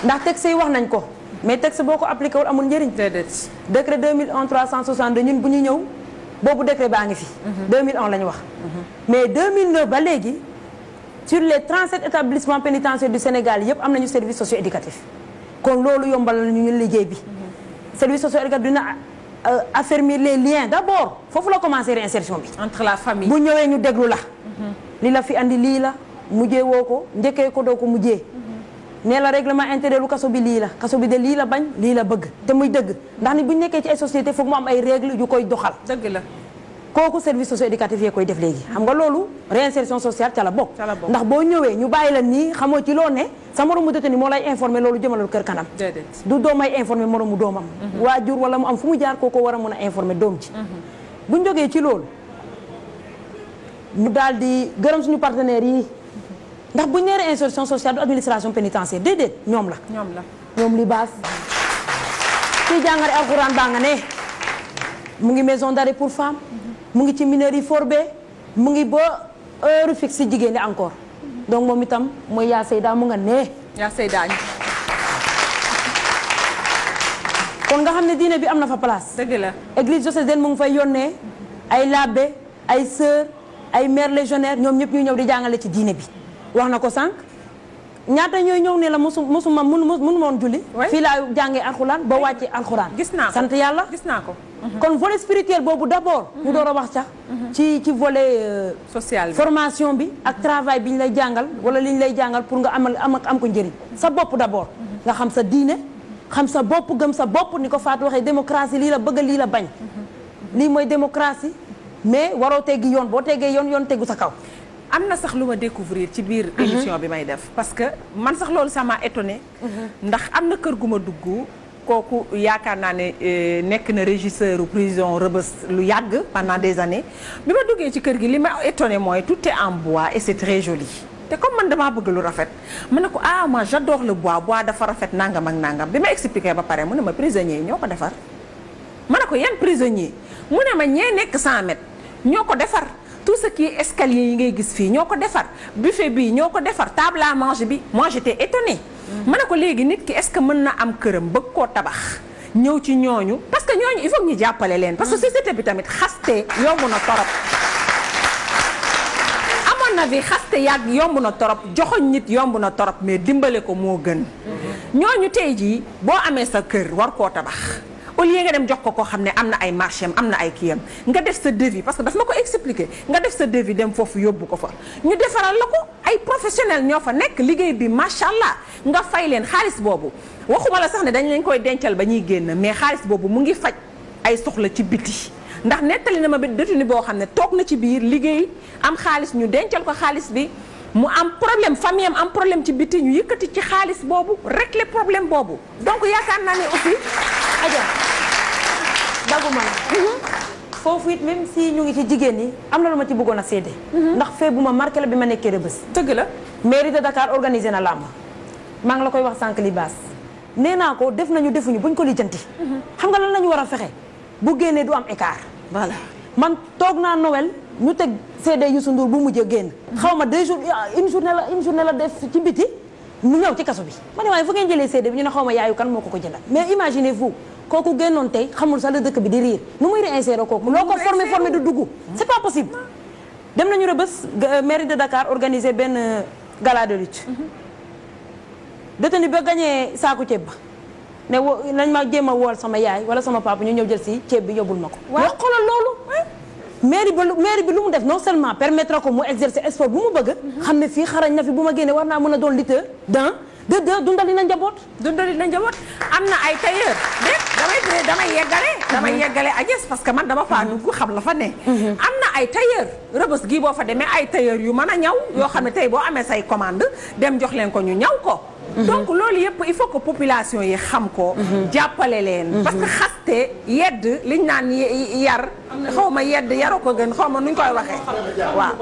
ndax texte yi wax nañ ko mais texte boo ko appliqué wul amul njëriñ déedéet décret 2001 362 ñun bu ñu ñëw boobu décret baa ngi fi. 2001 la ñu wax. mais 2009 ba léegi sur les 37 établissements pénitentiaires du Sénégal yëpp am nañu service socio-éducatif kon loolu yombal nañu ñu liggéey bi. service socio-éducatif dina euh, affermir les liens d'abord foofu la commencer réinsertion bi. entre la famille bu ñëwee ñu déglu la. li la fi andi lii la mujjee woo ko njëkkee ko doo ko mujjee. nee la règlement intérieur lu kaso bi lii la kaso bi de lii la bañ lii la bëgg te muy dëgg ndax ni bu ñu nekkee ci ay société foog mu am ay règles yu koy doxal dëgg la kooku service socio-éducatif yee koy def léegi xam nga loolu réinsertion sociale ca la bokk ndax boo ñëwee ñu bàyyi la nii xamoo ci loo ne sa moromu détenu moo lay informé loolu jëmalal kër kanam du doomay informé moromu doomam mhm. waajur wala mu am fu mu jaar ko war a mën a informé doom ji bu ñu ci loolu daal di gërëm suñu partenaires yi ndax bu ñu nee réinsertion sociale du administration pénitentiaire déedéet ñoom la. ñoom la ñoom li baas. ci jàngale alxuraan baa nga ne mu ngi maison d'arrêt pour femme mu ngi ci mineurs yi forbe mu ngi ba heure fixe si jigéen encore donc moom itam mooy yaa Seyda mu nga ne. yaa kon nga xam ne diine bi am na fa place. dëgg la église diocésaine mu ngi fay yónnee ay labbe ay sœur ay mère légionnaire ñoom ñëpp ñuy ñëw di jàngale ci diine bi. wax na ko sànq ñaata ñooy ñëw ne la mosu mosuma mënu mënu woon julli. fii laa jàngee alxuraan ba wàcce alxuraan. gis naa sant yàlla gis naa ko. Mhm. kon volet spirituel boobu d' abord. ñu mhm. door a wax sax. Mhm. ci ci vole euh, social bi formation bi ak travail bi ñu lay jàngal wala li ñu lay jàngal pour nga amal am ak am ko njëriñ. sa bopp d' abord. nga xam sa diine xam sa bopp gëm sa bopp ni ko Fatou waxee démocratie lii la bëgg lii la bañ. lii mooy démocratie mais waroo teggi yoon boo teggee yoon yoon tegu sa kaw. am na sax lu ma découvrir ci biir mhm. émission bi may def parce que man sax loolu sama m'a mhm. ndax am na kër gu ma dugg kooku yaakaar naa ne euh, nekk na régisseur prison Rebeuss lu yàgg pendant des années bi ma duggee ci kër gi li ma étonné mooy tout est en bois et c'est très joli te comme man damaa bëgg lu rafet ma ne ko ah moi j'adore le bois bois dafa rafet nangam ak nangam bi ma expliqué ba pare mu ne ma prisonniers yi ñoo ko defar ma ne ko yan prisonnier mu ne ma ñee nekk 100 ñoo ko defar tout ce qui est escalier yi ngay gis fii ñoo ko defar buffet bii ñoo ko defar table à manger bi moi j'étais étonnée mm. ma ne ko léegi nit ki est-ce que mën na am këram bëgg koo tabax ñëw ci ñooñu parce que ñooñu il faut ñu jàppale leen parce que mm. société bi tamit xaste yomb na torop amoon na fi xaste yàgg yomb na torop joxoñ nit yomb na torop mais dimbale ko moo gën mm-hmm. ñooñu tey jii boo amee sa kër war koo tabax au lieu nga dem jox ko koo xam ne am na ay marché am na ay kiyam nga def sa devis parce que daf ma ko expliquer nga def sa devis dem foofu yóbbu ko fa ñu defaral la ko ay professionnel ñoo fa nekk liggéey bi macha allah nga fay leen xaalis boobu waxuma la sax ne dañ leen koy dencal ba ñuy génn mais xaalis boobu mu ngi faj ay soxla ci biti ndax nettali na ma bi détenu boo xam ne toog na ci biir liggéey am xaalis ñu dencal ko xaalis bi mu am problème famille am am problème ci biti ñu yëkkati ci xaalis boobu régler problème boobu donc yaakaar naa ne aussi aja daguma la mhm. foofu it même si ñu ngi ci jigéen ñi am na lu ma ci bëggoon a seede mhm. ndax fee bu ma marqué la bi ma nekkee Rebeuss tëgg la mairie de Dakar organisé na làmb maa ngi la koy wax sànq li baas nee naa ko def nañu defuñu buñ ko lijjanti mhm. xam nga lan la ñu war a fexe bu génnee du am écart voilà man toog naa Noël ñu teg CD Youssou Ndour bu mujj génn. xaw ma deux jours une journée la une journée la def ci biti mu ñëw ci kaso bi. ma ne waaye fu ngeen jëlee CD bi ñu ne xaw ma yaayu kan moo ko ko jëlaat mais imaginez vous kooku génnoon tey xamul sa la dëkk bi di riir nu muy réinsérer kooku. loo ko formé formé du dugg. c'est pas possible. dem nañu Rebeuss euh, mairie de Dakar organiser benn euh, gala de lutte. Mm-hmm. détenu ba gagné saaku ceeb ba. ne wo nañ ma jéema a wool sama yaay wala sama papa ñu ñëw jël si ceeb bi yóbbul ma ko. waaw xoolal loolu. mairie ba mairie bi lu mu def non seulement permettre ko mu exercer sport bu mu bëgg. Mhm. xam ne fii xarañ na fi bu ma génnee war naa mën a doon lutteur. d'un de deux dundali na njaboot. dundali na njaboot am na ay tailleur malgré damay yeggale damay yeggale mhm. Agnes ah, parce que man dama faa dugg xam la fa ne mhm. am na ay tailleur rëbës gii boo fa demee ay tailleur yu man a ñaw mhm. yoo xam ne tey boo amee say commande dem jox leen ko ñu ñaw ko donc loolu yëpp il faut que population yi xam ko jàppale leen parce que xaste yedd liñ naan yar xaw ma yedd yaroo ko gën xaw ma nuñ koy waxee waaw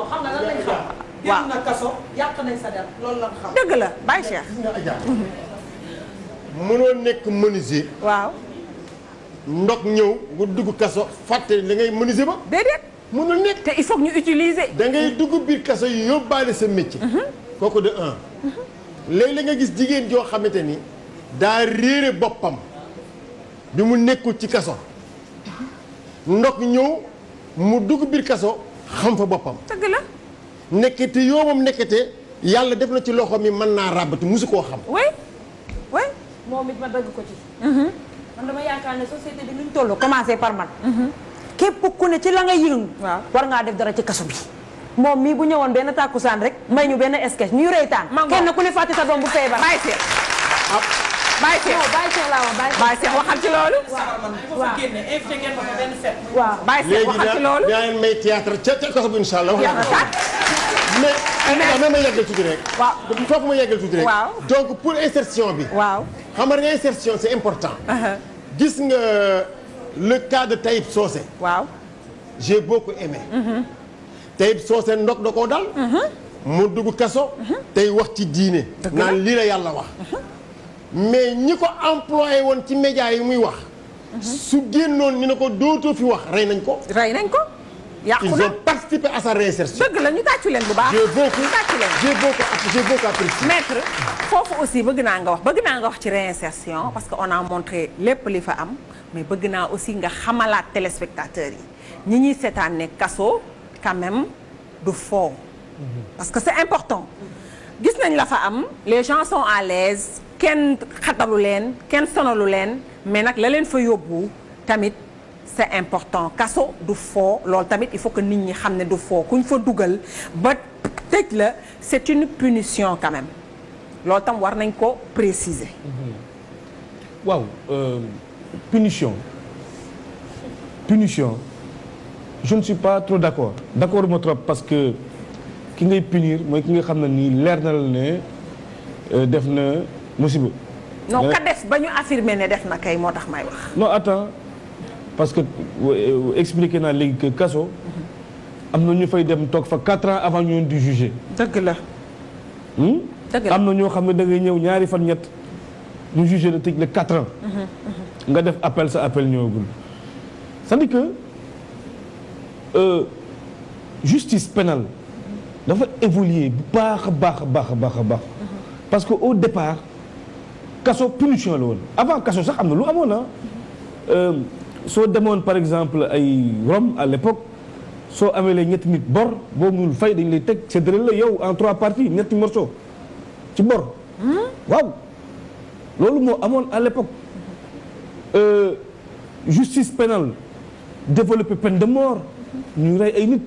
waaw na kaso yàq la xam dëgg la bàyyi Cheikh ndox ñëw nga dugg kaso fàtte da ngay ma ba. déedéet mënul nekk. te il faut ñu utiliser. da ngay dugg biir kaso yi yóbbaale sa métier. Mhm. kooku de un. Mhm. la léeg nga gis jigéen joo xamante ni daa réere boppam bi mu nekkul ci kaso mhm. ndox ñëw mu dugg biir kaso xam fa boppam. dëgg la. nekkete yoomam nekkete yàlla def na ci loxo mi mën naa ràbbati musu koo xam. oui oui. moom it ma dëgg ko ci. man dama yaakaar ne société bi commencé par man. Mhm. képp ku ne ci la nga yëngu. war ngaa def dara ci kaso bi. moom mii bu ñëwoon benn tàkkusaan rek may ñu benn sketch ñu reytaan. kenn ku ne fàtte sa doom bu feebar. bàyyi seex bàyyi seex non bàyyi seex laa wax bàyyi seex waxal ci loolu. waaw waaw invité ngeen ko benn fet. waxal ci loolu léegi daal may théâtre ca ca kaso bi incha allah. mais mais ma yeggal tuuti rek. waaw foofu ma yeggal tuuti rek. donc pour insertion bi. waaw xam nga insertion important. Uh-huh. gis nga le cas de Taïb Socé. waaw j'ai beaucoup aimé. Mhm. Taïb Socé ndok da koo dal. Mhm. mu dugg kaso. Mhm. tey wax ci diine. naan lii la yàlla wax. mais ñi ko employé woon ci média yi muy wax. su génnoon ñu ne ko dootoo fi wax rey nañ ko. rey nañ ko. yàqu na ils ont participé à sa réinsertion. dëgg la ñu leen bu baax. ñu tàccu leen j'ai foofu aussi bëgg naa nga wax bëgg naa nga wax ci réinsertion parce que on a montré lépp li fa am mais bëgg naa aussi nga xamalaat téléspectateurs yi ñi ñuy seetaan ne kaso quand du faux. parce que c'est important. gis nañ la fa am les gens son à l'aise kenn xatalu leen kenn sonalu leen mais nag la leen fa yóbbu tamit. c'est important kaso du foo loolu tamit il faut que nit ñi xam ne du foo kuñ fa dugal ba tëj la c'est une punition quand même loolu tam war nañ ko préciser. Mm-hmm. waaw euh, punition punition je ne suis pas trop d'accord d'accord ma trop parce que ki ngay punir mooy ki nga xam ne nii leer na la ne euh, def na musiba. non euh, ka def ba ñu affirmer ne def na kay moo tax may wax. non attends parce que euh, expliqué naa léegi que kaso am na ñu fay dem toog fa 4 ans avant ñu di juger. Hmm? dëgg la. am na ñoo xam ne da ngay ñëw ñaari fan ñett ñu juger la tëj la 4 ans. Mhm, mhm. nga def appel sa appel ñëwagul. c'est-à-dire que euh, justice penal dafa évoluer baax a baax baax a baax a baax. Mhm. parce que au départ kaso punition la woon avant kaso sax am na lu amoon ah. soo demoon par exemple ay Rome à l'époque soo amee la ñetti nit bor boo mënul fay dañu lay teg séddale la yow en trois parties ñetti morceaux ci bor. Hmm? waaw loolu moo amoon à l'époque euh, justice pénale développer peine de mort ñu rey ay nit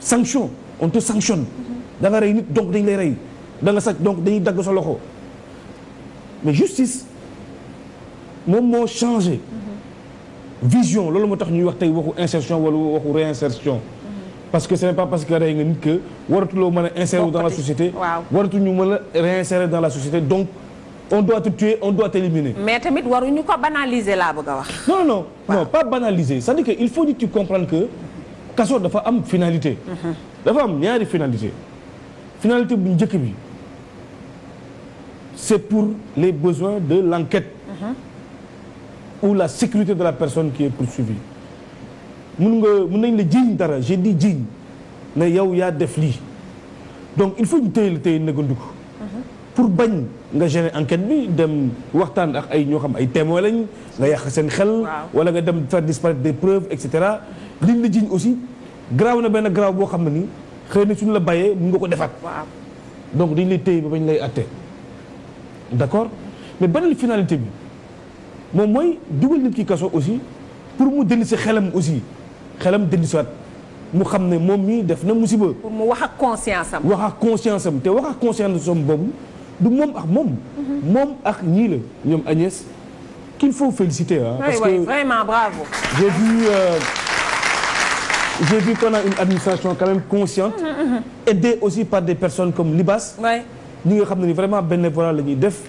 sanction on te sanctionne hmm. danga rey nit donc dañ lay rey da nga sàcc donc dañuy dagg sa loxo mais justice moom moo changé. Hmm. vision loolu moo tax ñuy wax tey waxu insertion wala waxu réinsertion. parce que ce n'est pas parce que rey nga nit que waratuloo mën a insérer dans la société. waaw waratuñu mën a réinsérer dans la société donc on doit te tuer on doit t'éliminer. mais tamit waruñu ko banaliser laa bëgg a wax. non non non pas banaliser c'est-à-dire que il faut nit ñi comprendre que kaso dafa am finalité. Mhm. dafa am ñaari finalité. finalité bu njëkk bi c'est pour les besoins de l'enquête. Mhm. ou la sécurité de la personne qui est poursuivie mun nga mun nañ la jiiñ dara j'ai dit jiiñ ne yow yaa def lii donc il faut ñu téye la téye nëgandu ko pour bañ nga gérer enquête bi dem waxtaan ak ay ñoo xam ay témoins lañ nga yàq seen xel wala nga dem faire disparaître des preuves et cetera liñ la jiiñ aussi garaaw na benn garaaw boo xam ne ni xëy na suñu la bàyyee mun nga ko defaat donc dañ lay téye ba bañ lay atte d'accord mais beneen finalité bi moom mooy dugal nit ki kaso aussi pour mu dellu si xelam aussi xelam dellu si mu xam ne moom mii def na musiba. pour mu wax ak conscience wax ak conscience am te wax ak conscience am boobu du moom ak moom. Mhm. moom ak ñii la ñoom Agnès kil faut féliciter ah. parce que vraiment bravo. j'ai vu euh, j'ai vu qu'on a une administration quand même consciente. Mhm, mhm. aussi par des personnes comme Libas. ñi nga xam ne ni vraiment bénévolat la ñuy def.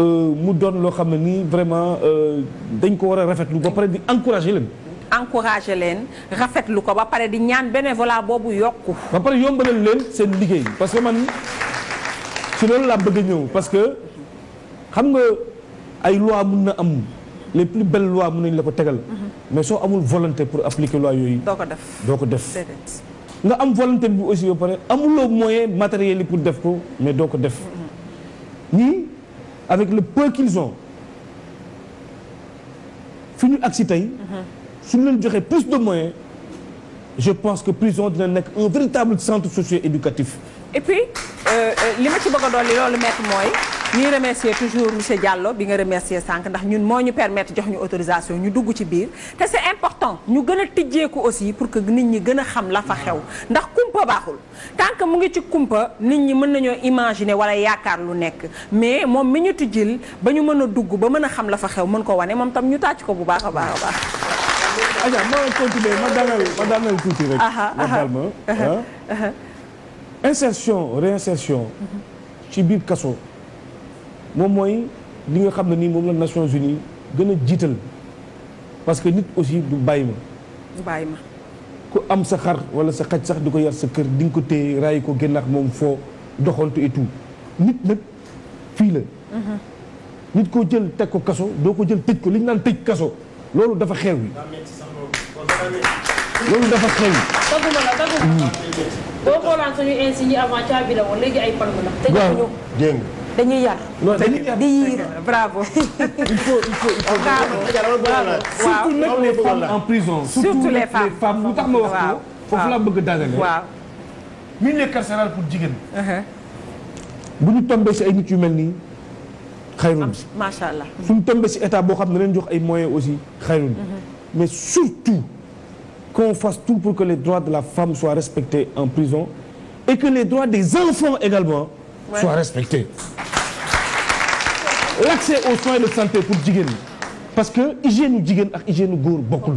Euh, mu doon loo xam ne nii vraiment euh, dañ ko war a rafet rafetlu ba pare di encourager leen. encourager leen rafetlu ko ba pare di ñaan beneen bénévolat boobu yokku. ba pare yombalal leen seen liggéey parce que man ci loolu laa bëgg a ñëw parce que xam nga ay loi mun na am les plus belles lois mun nañ la ko tegal. Mhm. mais soo amul volonté pour appliquer loi yooyu. doo ko def doo ko def. nga am volonté bi aussi ba pare amuloo moyen matériel yi pour def ko mais doo ko def. Mhm. ñii avec le peu qu'ils ont fi ñu agsi tey suñu leen joxee plus de moyens je pense que prison dina nekk un véritable centre socio-éducatif et puis euh, euh, li ma ci bëgg a dolli loolu maître mooy ñuy remercier toujours monsieur Diallo bi nga remercier sànq ndax ñun moo ñu permettre jox ñu autorisation ñu dugg ci biir te c'est important ñu gën a tijjeeku aussi pour que nit ñi gën a xam la fa xew ndax kumpa baaxul tant que mu ngi ci kumpa nit ñi mën nañoo imaginer wala yaakaar lu nekk mais moom mi ñu tijjil ba ñu mën a dugg ba mën a xam la fa xew mën ko wane moom tam ñu tàcc ko bu baax a baax a baax. aywa ma continuer ma daaneel ma daaneel tuuti rek. ma dal ma ah. insertion réinsertion. Mhm. ci biir kaso. moom mooy li nga xam ne nii moom la Nations Unies gën a jiital parce que nit aussi du bàyyi ma. bàyyi ma. ku am sa xar wala sa xaj sax du ko yar sa kër di nga ko téye raay ko génnax moom foo doxantu et tout nit nag fii la. Mhm. nit koo jël teg ko kaso doo ko jël tëj ko li ñu naan tëj kaso loolu dafa xew wi loolu dafa xew wi. daguma hmm. dañuy bravo. surtout les femmes en prison. surtout les femmes bu tax ma wax ko. foofu laa bëgg daanaka. waaw. milieu carcéral pour jigéen. Uh-huh. bu ñu tombee si ay nit yu mel nii. xayrun bi macha allah. suñu tombee si état boo xam ne leen jox ay moyens aussi xayrun bi uh-huh. mais surtout qu'on fasse tout pour que les droits de la femme soient respectés en prison et que les droits des enfants également ouais. soient respectés l'accès aux soins de santé pour jigéen ñi parce que hygiène jigéen ak hygiène u góor bokkul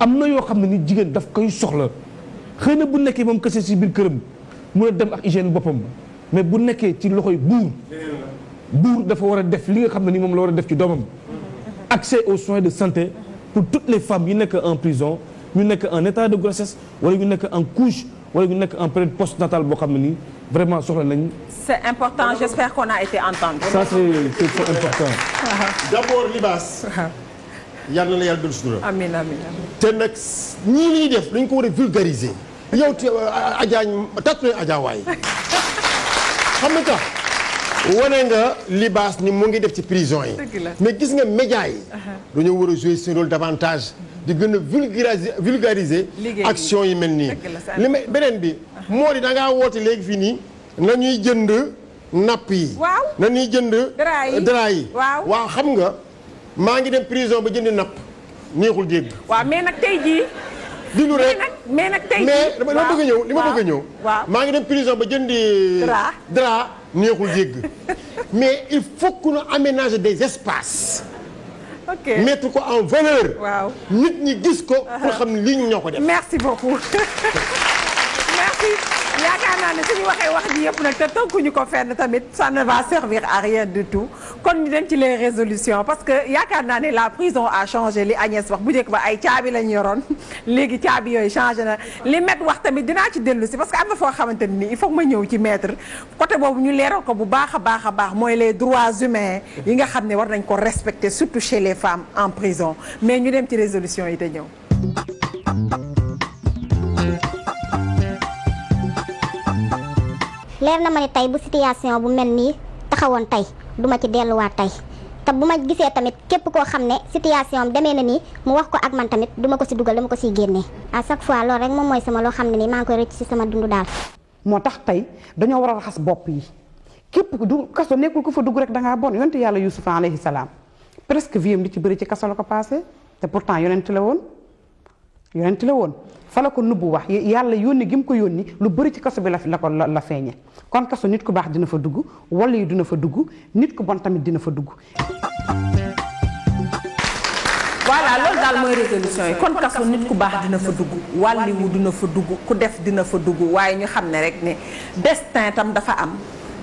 am na yoo xam ne ni jigéen daf koy soxla xëy na bu nekkee moom kese si biir këram mun a dem ak hygiène boppam mais bu nekkee ci loxo loxoy buur buur dafa war a def li nga xam ne nii moom la war a def ci doomam accès au soins de santé pour toutes les femmes yi nekk en prison ñu nekk en état de grossesse wala ñu nekk en couche wala ñu nekk en période postnatale boo xam ne nii vraiment soxla nañ. c'est important j'espère qu'on a été entendu. ça c'est c'est important. [laughs] d'abord Libaas. [laughs] yal na la yàlla doon sutura. amiin amiin amiin. te nag ñii ñuy def dañ ko war a vulgariser. yow te euh, Adjaañ tàttu [laughs] xam nga tax wane nga Libaas ni mu ngi def ci prison yi. mais gis nga média yi. Uh-huh. dañoo war a jouer seen rôle davantage. di gën a vulgariser vulgariser. action yi mel nii. li may beneen bi. moo di da ngaa woote léegi fii nii na ñuy jënd napp yi. waaw na ñuy jënd. dara yi waa xam nga maa ngi dem prison ba jënd napp neexul dégg. waaw mais nag di lu mais nag tey jii mais li ma bëgg a ñëw li ma ngi dem prison ba jëndi. dra dra neexul dégg [laughs] mais il faut que ñu aménager des espaces. ok mettre ko en valeur. waaw nit ñi gis ko. pour xam li ñu ñoo ko def. merci beaucoup [laughs] merci. yaakaar naa ne suñu waxee wax ji yëpp nag te tënkuñu ko fenn tamit ça ne va servir à rien du tout kon ñu dem ci les résolutions parce que yaakaar naa ne la prison a changé li Agnès wax bu njëkk ba ay caabi lañ yoroon [laughs] léegi caabi yooyu changé na li met wax tamit dinaa ci dellu si parce que am na foo xamante ni il faut ma ñëw ci maître côté boobu ñu leeral ko bu baax a baax a baax mooy les droits humains yi nga xam ne war nañ ko respecter surtout les femmes en prison mais ñu dem ci résolution yi te ñëw leer na ma ne tey bu situation bu mel nii taxawoon tey du ma ci delluwaat tey te bu ma gisee tamit képp koo xam ne situation am demee na nii mu wax ko ak man tamit du ko si dugal dama ko siy génnee à chaque fois loolu rek moom mooy sama loo xam ne nii maa ngi koy rëcc si sama dund daal. moo tax tey dañoo war a raxas bopp yi képp ku du kaso nekkul ku fa dugg rek da ngaa bon yonent yàlla Yuusufa alayhi salaam presque vie am ci bëri ci kaso la ko passé te pourtant yonent la woon. yonent la woon fa la ko nubbu wax yàlla yónni gi mu ko yónni lu bari ci kaso bi la la ko la feeñe kon kaso nit ku baax dina fa dugg wala yu fa dugg nit ku bon tamit dina fa dugg yi kon kaso nit ku baax dina fa dugg wàlliwu dina fa dugg ku def dina fa dugg waaye ñu xam ne rek ne destin tam dafa am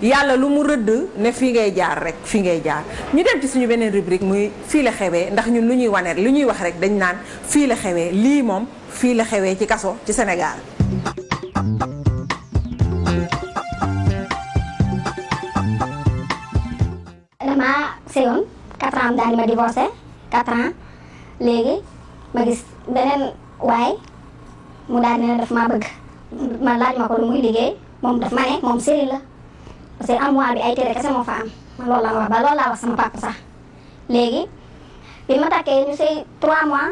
yàlla lu mu rëdd ne fii ngay jaar rek fii ngay jaar ñu dem ci suñu beneen rubrique muy fii la xewee ndax ñun lu ñuy wane lu ñuy wax rek dañ naan fii la xewee lii moom fii la xewee ci kaso ci Sénégal damaa sëyoon 4 ans daal di ma divorcé 4 ans léegi ma gis beneen waaye mu daal di ne daf maa bëgg ma laaj ma ko lu muy liggéey moom daf ma ne moom séri la parce que armoire am man loolu laa wax ba loolu laa sama papa sax léegi bi ma takkee ñu sëy trois mois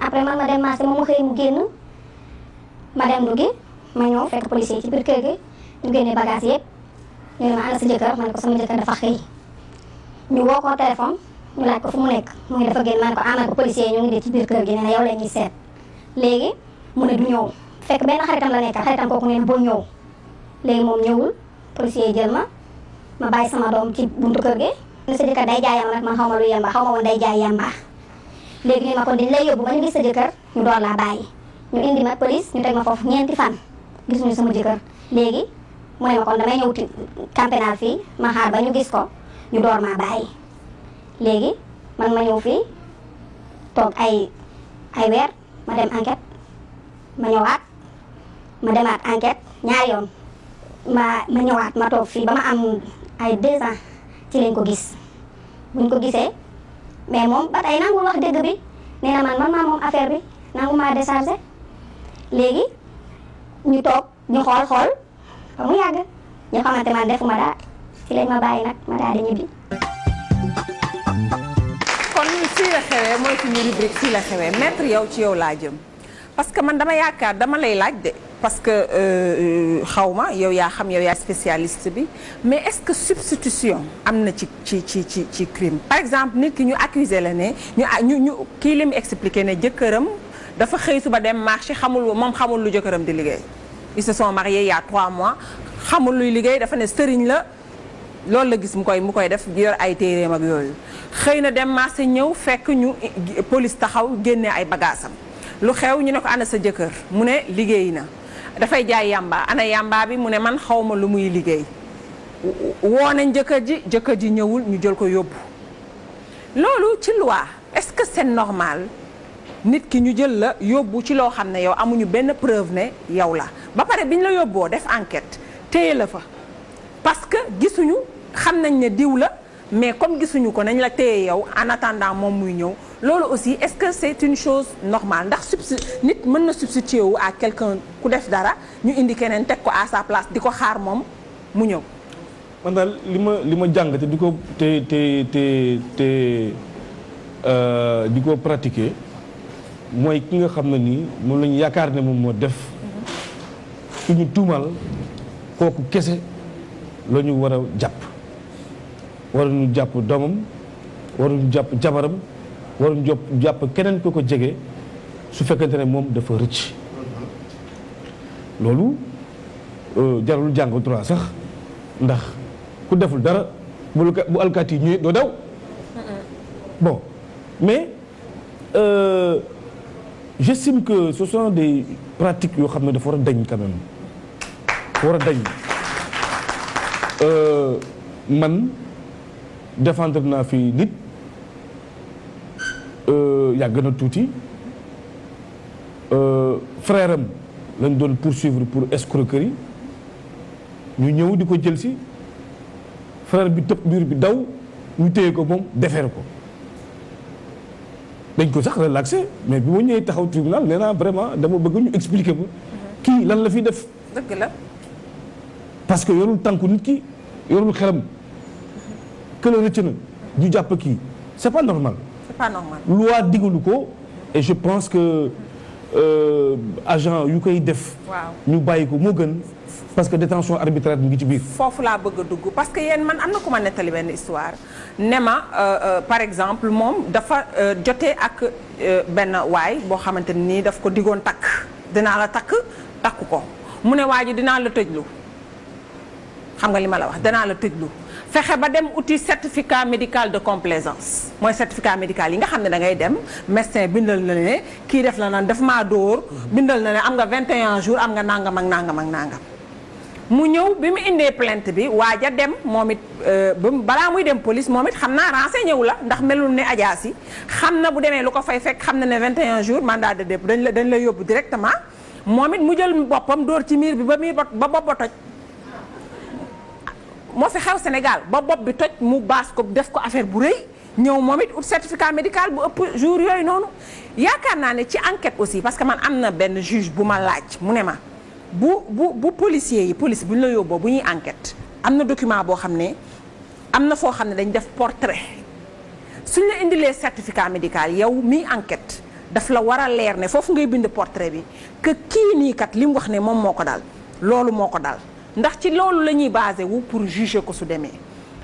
après man ma dem marché moom mu xëy mu génn ma dem duggi ma ñëw fekk policier ci biir kër gi ñu génne bagage yëpp ñu ne ma ana sa jëkkër ñu woo ko téléphone ñu laaj ko fu mu nekk mu ngi dafa génn ma ne ko amal ah, ko policier ñu ngi dee ci biir kër gi nee na yow la ñuy seet léegi mu ne du ñëw fekk benn xaritam la nekkal xaritam kooku nee na bul ñëw léegi moom ñëwul policier yi jël ma ma bàyyi sama doom ci buntu kër gi. ñu sa jëkkër day jaay yamba rek man xaw ma lu yamba xaw ma woon day jaay yamba léegi ñu ma kon dañ lay yóbbu ba ñu gis sa jëkkër ñu door laa bàyyi ñu indi ma police ñu teg ma foofu ñeenti fan gisuñu sama jëkkër léegi mu ne ma kon damay ñëw ci fii ma xaar ba ñu gis ko ñu door maa bàyyi léegi man ma ñëw fii toog ay weer ma dem enquête ma ñëwaat ma demaat enquête ñaari yoon. ma ma ñëwaat ma toog fii ba ma am ay deux ans ci lañ ko gis buñ ko gisee mais moom ba tey nangul wax dëgg bi nee na man man maa moom affaire bi nangu maa déchargé léegi ñu toog ñu xool xool ba mu yàgg ñu xamante man defuma daal ci lañ ma bàyyi nag ma daal di ñibbi. kon si la xewee mooy suñu rubrique si la xewee maître yow ci yow laa jëm parce que man dama yaakaar dama lay laaj de. parce que euh, euh, xawma euh, yow yaa xam yow yaa spécialiste bi mais est-ce que substitution am na ci ci ci ci ci crime par exemple nit ki ñu accusé la ne ñu ah, ñu ñu kii li mu expliqué ne jëkkëram dafa xëy suba dem marché xamul moom xamul lu jëkkëram di liggéey ils se sont mariés yaa y a trois mois xamul luy liggéey dafa ne sëriñ la loolu la gis mu koy mu koy def yor ay téeréem ak yooyu xëy na dem marché ñëw fekk ñu police taxaw génne ay bagaasam lu xew ñu ne ko ànd sa jëkkër mu ne liggéey na dafay jaay yàmba ana yàmba bi mu ne man xaw ma lu muy liggéey woo nañ jëkkër ji jëkkër ji ñëwul ñu jël ko yóbbu loolu ci loi est-ce que seen normal nit ki ñu jël la yóbbu ci loo xam ne yow amuñu benn preuve ne yow la ba pare biñ la yóbboo def enquête téye la fa parce que gisuñu xam nañ ne diw la mais comme gisuñu ko nañ la téye yow en attendant moom muy ñëw loolu aussi est-ce que c'est une chose normale ndax subsi nit mën na substituer wu à ku def dara ñu indi keneen teg ko à sa place di ko xaar moom mu ñëw. man daal li ma li ma jàng te di ko te te te te euh, di ko pratiquer mooy ki nga xam ne nii moom la yaakaar ne moom moo def suñu ñu tuumal kooku kese la ñu war a jàpp waruñu jàpp doomam waruñu jàpp jabaram. waruñ jop jàpp keneen ko ko jege su fekkente ne moom dafa rëcc loolu euh, jarul jàng droit sax ndax ku deful dara bu bu alkaati yi doo daw bon mais euh, j'estime que ce sont des pratiques yoo xam ne dafa war a dañ quand même war a dañ euh, man défendre naa fi nit Euh, yàgg na tuuti euh, frère am lañ doon poursuivre pour escroquerie ñu ñëw di ko jël si frère bi tëb biir bi daw ñu téye ko moom defeer ko dañ ko sax relaxé mais bi ma ñëwee taxaw tribunal nee naa vraiment dama bëgg ñu expliquer ma kii lan la fi def. dëgg parce que yorul tànku nit ki yorul xelam. kële rëcc na ñu jàpp kii c'est pas normal. c'est pas normal loi digalu ko et je pense que euh, agent yu koy def. waaw ñu bàyyi ko moo gën. parce que détention arbitraire mu ngi ci biir. foofu laa bëgg a dugg parce que yéen man am na ko ma nettali benn histoire ne ma euh, euh, par exemple moom dafa euh, jotee ak benn waay boo xamante nii daf ko digoon takk danaa la takk takk ko mu ne waa ji dinaa la tëjlu xam nga li ma la wax danaa la tëjlu. fexe ba dem uti certificat médical de complaisance mooy certificat médical yi nga xam ne da ngay dem médecin bindal na ne kii def la naan daf maa dóor bindal na ne am nga vingt 21 jours am nga nangam ak nangam ak nangam mu ñëw bi mu indee plainte bi waaj a dem moom it euh, balaa muy dem police moom it xam naa renseigné ñëw la ndax melul ne ajaas yi xam na bu demee lu ko fay fekk xam na ne 21 jours mandat de dépôt dañ la dañ la yóbbu directement moom mu jël boppam dóor ci miir bi ba miir ba ba toj moo fi xew Sénégal ba bopp bi toj mu baas ko def ko affaire bu rëy ñëw moom it ut certificat médical bu ëpp jour yooyu noonu yaakaar naa ne ci enquête aussi parce que man am na benn juge bu ma laaj mu ne ma bu bu bu policier yi police bu ñu la yóbboo bu ñuy enquête am na document boo xam ne am na foo xam ne dañ def portrait suñ la indilee certificat médical yow miy enquête daf la war a leer ne foofu ngay bind portrait bi que kii nii kat li mu wax ne moom moo ko dal loolu moo ko dal ndax ci loolu la ñuy basé wu pour juger ko su demee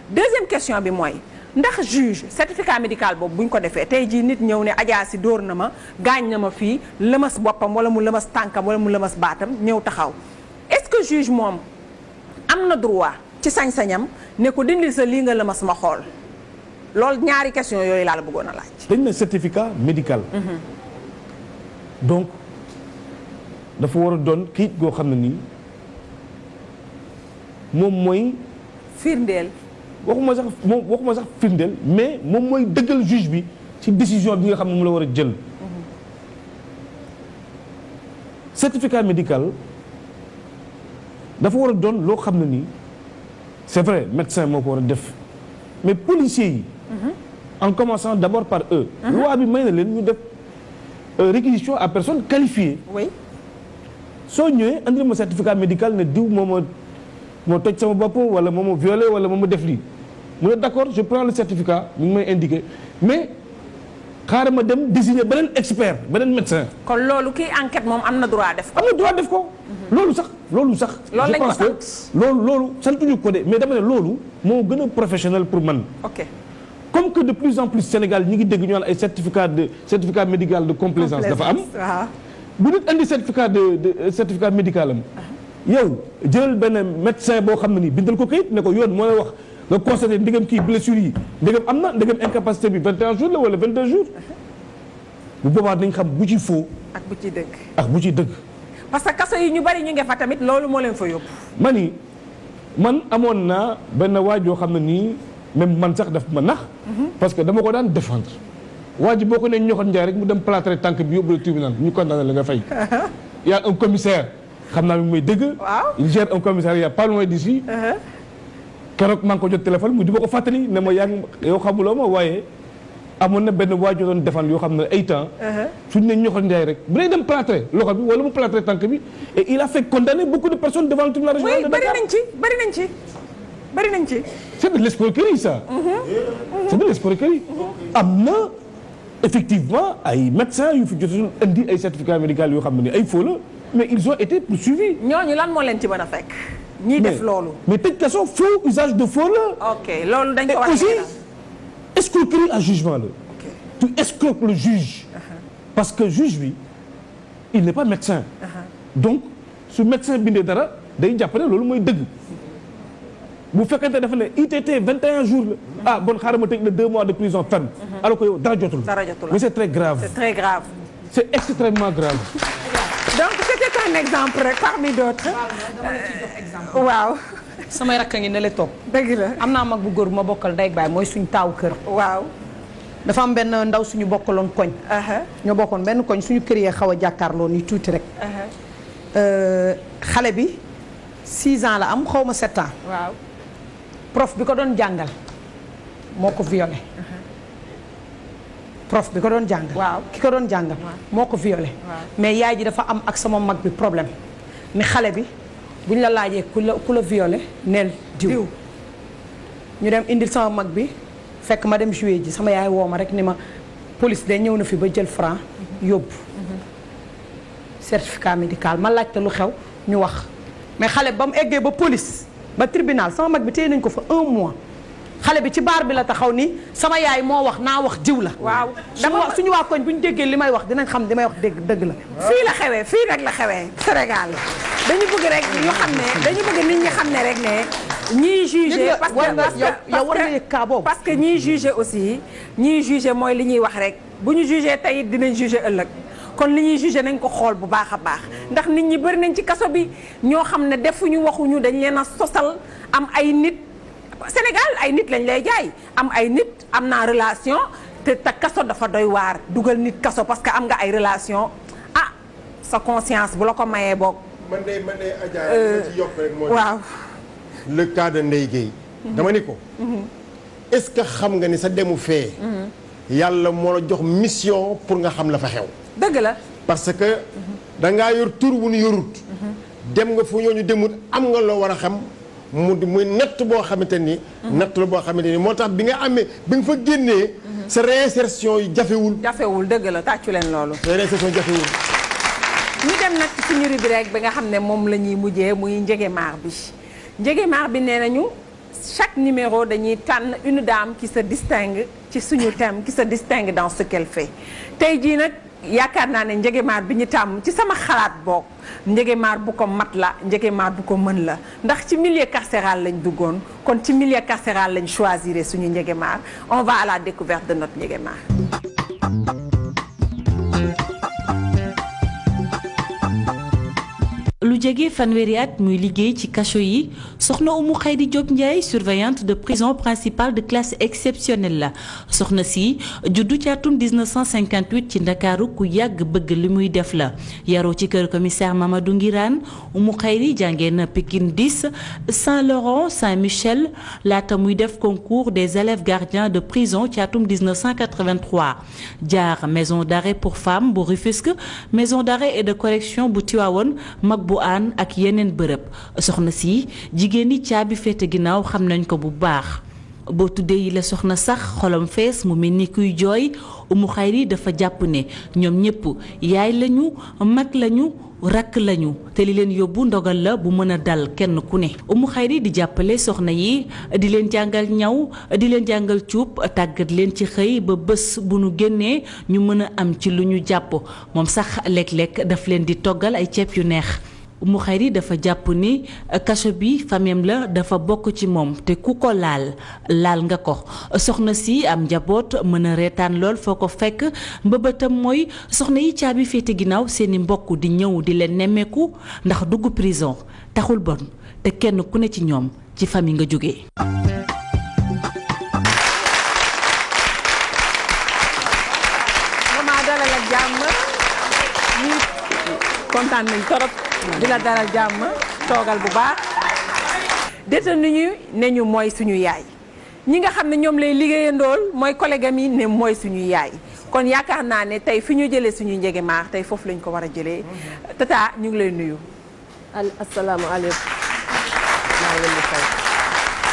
deuxième question bi mooy ndax juge certificat médical boobu bu ñu ko defee tey jii nit ñëw ne Adja si dóor na ma gaañ na ma fii lëmas boppam wala mu lëmas tànkam wala mu lëmas baatam ñëw taxaw est-ce que juge moom am na droit ci sañ-sañam ne ko dindil sa lii nga lëmas ma xool loolu ñaari question yooyu laa la bëggoon a laaj. dañ na certificat médical. Mhm. donc dafa war a doon kayit goo xam ne nii. moom mooy. firndeel. waxuma sax moom waxuma sax firndeel mais moom mooy dëggal juge bi ci décision bi nga xam ne moom la war a jël. certificat médical dafa war a doon loo xam ne nii c'est vrai médecin moo ko war a def mais policiers yi. en commençant d'abord par eux. Uh-huh. loi bi may na leen ñu def euh, réquisition à personne qualifiée. oui soo ñëwee andi ma certificat médical ne diw moom moo toj sama bopp wala moo ma violé wala moom ma def lii mu ne d'accord je prends le certificat mu ngi may indiqué mais xaaral dem dem désigner beneen expert beneen médecin. kon loolu kii enquête moom am na droit def ko. am na def ko. Mhm. loolu sax loolu sax. loolu lañ loolu loolu santuñu ko de mais dama ne loolu moo gën a professionnel pour man. ok comme que de plus en plus Sénégal ñi ngi dégg ñu naan ay certificat de certificat médical de complaisance dafa am. bu nit indi certificat de de certificat médical am. Uh-huh. yow jëlal benn médecin boo xam ne nii bindal ko kayit ne ko yoon moo lay wax nga constaté ndegam kii blessure yi ndegam am na ndegam incapacité bi 21 jours la wala 22 jours bu boobaa dañ xam bu ci faux. ak bu ci dëgg. ak bu ci dëgg. parce que kaso yi ñu bari ñu ngi fa tamit loolu moo leen fa yóbbu. ma ni man amoon naa benn waaj yoo xam ne nii même man sax daf ma nax. Mhm. parce que dama ko daan défendre. waa ji boo ko nee ñoxoon njaay rek mu dem plâtrer tànk bi yóbbu la tribunal ñu nga fay. [laughs] y a un xam naa mi mooy dëgg. waaw il gère un commissariat pas loin d'ici. Uh-huh. keroog maa ko jot téléphone mu di ma ko fàttali ne mooy yaa ngi yow xamuloo ma waaye amoon na benn waajur doon defan yoo xam ne ay temps. Uh-huh. suñ ne ñoxor njaay rek bu dee dem plâtré loxo bi wala mu plâtré tànk bi et il a fait condamner beaucoup de personnes devant le tribunal régional bari nañ ci bari de l' escroquerie ça. Uh-huh. c' est de l' escroquerie. am na effectivement ay médecins yu fi jotoon indi ay certificats médicaux yoo xam ne ay faux la. mais ils ont été poursuivis. ñooñu lan moo leen ci mën a fekk. ñiy def loolu mais tëj kaso faux usage de faux la. ok loolu dañ ko wax aussi escroquerie à jugement la. ok tu escroques le juge. Uh parce que juge bi il n'est pas médecin. Uh-huh. donc su médecin bindee dara day jàpp ne loolu mooy dëgg. bu fekkente dafa ne ITT 21 jours la uh-huh. ah bon xaaral ma tëj la 2 mois de prison ferme. alors que yow dara jotul. dara jotul mais c'est très grave. c'est très grave. c'est extrêmement grave. [laughs] donc c'était un exemple rek parmi d'autres. waaw. Euh, samay rakk a ngi ne la toog. dëgg la am naa mag bu góor bu ma bokkal ndey baay mooy suñu taaw kër. waaw. dafa am benn ndaw suñu bokkaloon koñ. ñoo bokkoon benn koñ suñu kër yee xaw a jàkkaarloo nii tuuti rek. Euh, xale bi 6 ans la am xaw ma 7 ans. prof bi ko doon jàngal moo ko violé. prof bi ko doon jàng. waaw ki ko doon jàng. moo ko violé. mais yaay ji dafa am ak sama mag bi problème ni xale bi buñ la laajee ku la ku la violé neel diw. ñu dem indil sama mag bi fekk ma dem joué ji sama yaay woo ma rek ni ma police de ñëw na fi ba jël franc yóbbu. Mhm. certificat médical ma laajte lu xew ñu wax mais xale ba mu eggee ba police ba tribunal sama mag bi téye nañ ko fa un mois. xale bi ci baar bi la taxaw ni sama yaay moo wax naa wax jiw la. waaw dama wax suñu waa koñ bu ñu déggee li may wax dinañ xam li may wax dégg dëgg la. fii la xewee fii rek la xewee Sénégal dañu bëgg rek ñu xam ne dañu bëgg nit ñi xam ne rek ne. ñiy jugé parce que yow war nga yëg cas boobu parce que ñiy jugé aussi ñiy jugé mooy li ñuy wax rek bu ñu jugé tey dinañ jugé ëllëg. kon li ñuy jugé nañ ko xool bu baax a baax ndax nit ñi bëri nañ ci kaso bi ñoo xam ne defuñu waxuñu dañ leen a sosal am ay nit. Sénégal ay nit lañ lay jaay am ay nit am naa relation te ta kaso dafa doy waar dugal nit kaso parce que am nga ay relation ah sa conscience bu la ko mayee boog. man de man de Adja euh, waaw le cas de Ndeye mhm. dama ni ko. Mhm. est-ce que xam nga ni sa demu fee. Mhm. yàlla moo la jox mission pour nga xam la fa xew. dëgg la parce que. da ngaa yor tur wu nu yorut. dem nga fu ñooñu demut am nga loo war a xam. mu muy natt boo xamante ni. Mhm. natt la boo xamante ni moo tax bi nga amee bi nga fa génnee. Mhm. sa réinsertion yi jafewul. jafewul dëgg la tàccu leen loolu. sa réinsertion jafewul. ñu dem nag suñu rubrique rek bi nga xam ne moom la ñuy mujjee muy njegemaar bi njegemaar bi nee nañu chaque numéro dañuy tànn une dame qui sa distingue ci suñu thème qui sa distingue dans ce qu'elle fait tey jii nag. yaakaar naa ne njegemaar bi ñu tàmm ci sama xalaat boog njegemaar bu ko mat la njegemaar bu ko mën la ndax ci milieu carcéral lañ duggoon kon ci milieu carcéral lañ choisir suñu njegemaar on va à la découverte de notre njegemaar lu jege fanweeri at muy liggéey ci kaso yi soxna Oumou di Diop Ndiaye surveillante de prison principale de classe exceptionnelle la soxna si juddu ci atum 1958 ci ndakaaru ku yàgg bëgg li muy def la yaroo ci kër commissaire Mamadou Ngiraan Oumou Khaydi jàngee na Pikine 10 Saint-Laurent Saint-Michel laata muy def concours des élèves gardiens de prison ci atum 1983 jaar maison d'arrêt pour femmes bu Rufisque maison d'arrêt et de correction bu Tivaouane mag bu Anne ak yeneen bërëb soxna si jigéen ñi caabi féete ginnaaw xam nañ ko bu baax boo tuddee yi la soxna sax xolom fees mu mel ni kuy jooy umu xayri dafa jàpp ne ñoom ñëpp yaay lañu mag lañu rakk lañu te li leen yóbbu ndogal la bu mën a dal kenn ku ne umu xayri di jàppale soxna yi di leen jàngal ñaw di leen jàngal cuub tàggat leen ci xëy ba bés bu nu génnee ñu mën a am ci lu ñu jàppoo moom sax lekk-lekk daf leen di toggal ay ceeb yu neex Oumou Khairy dafa jàpp ni euh, kaso bi famem la dafa bokk ci moom te ku ko laal laal nga ko soxna si am njaboot mën a reetaan lool foo ko fekk mbëbëtam mooy soxna yi caabi féete ginnaaw seeni mbokk di ñëw di leen nemmeeku ndax dugg prison taxul bon te kenn ku ne ci ñoom ci famille nga jógee. di daral jàmm toogal bu baax. détenu ñu ne ñu mooy suñu yaay ñi nga xam ne ñoom lay liggéeyandool mooy collègue am ne mooy suñu yaay kon yaakaar naa ne tey fi ñu jëlee suñu njege maax tey foofu lañ ko war a jëlee tata ñu ngi lay nuyu. asalaamaaleykum maa ngi leen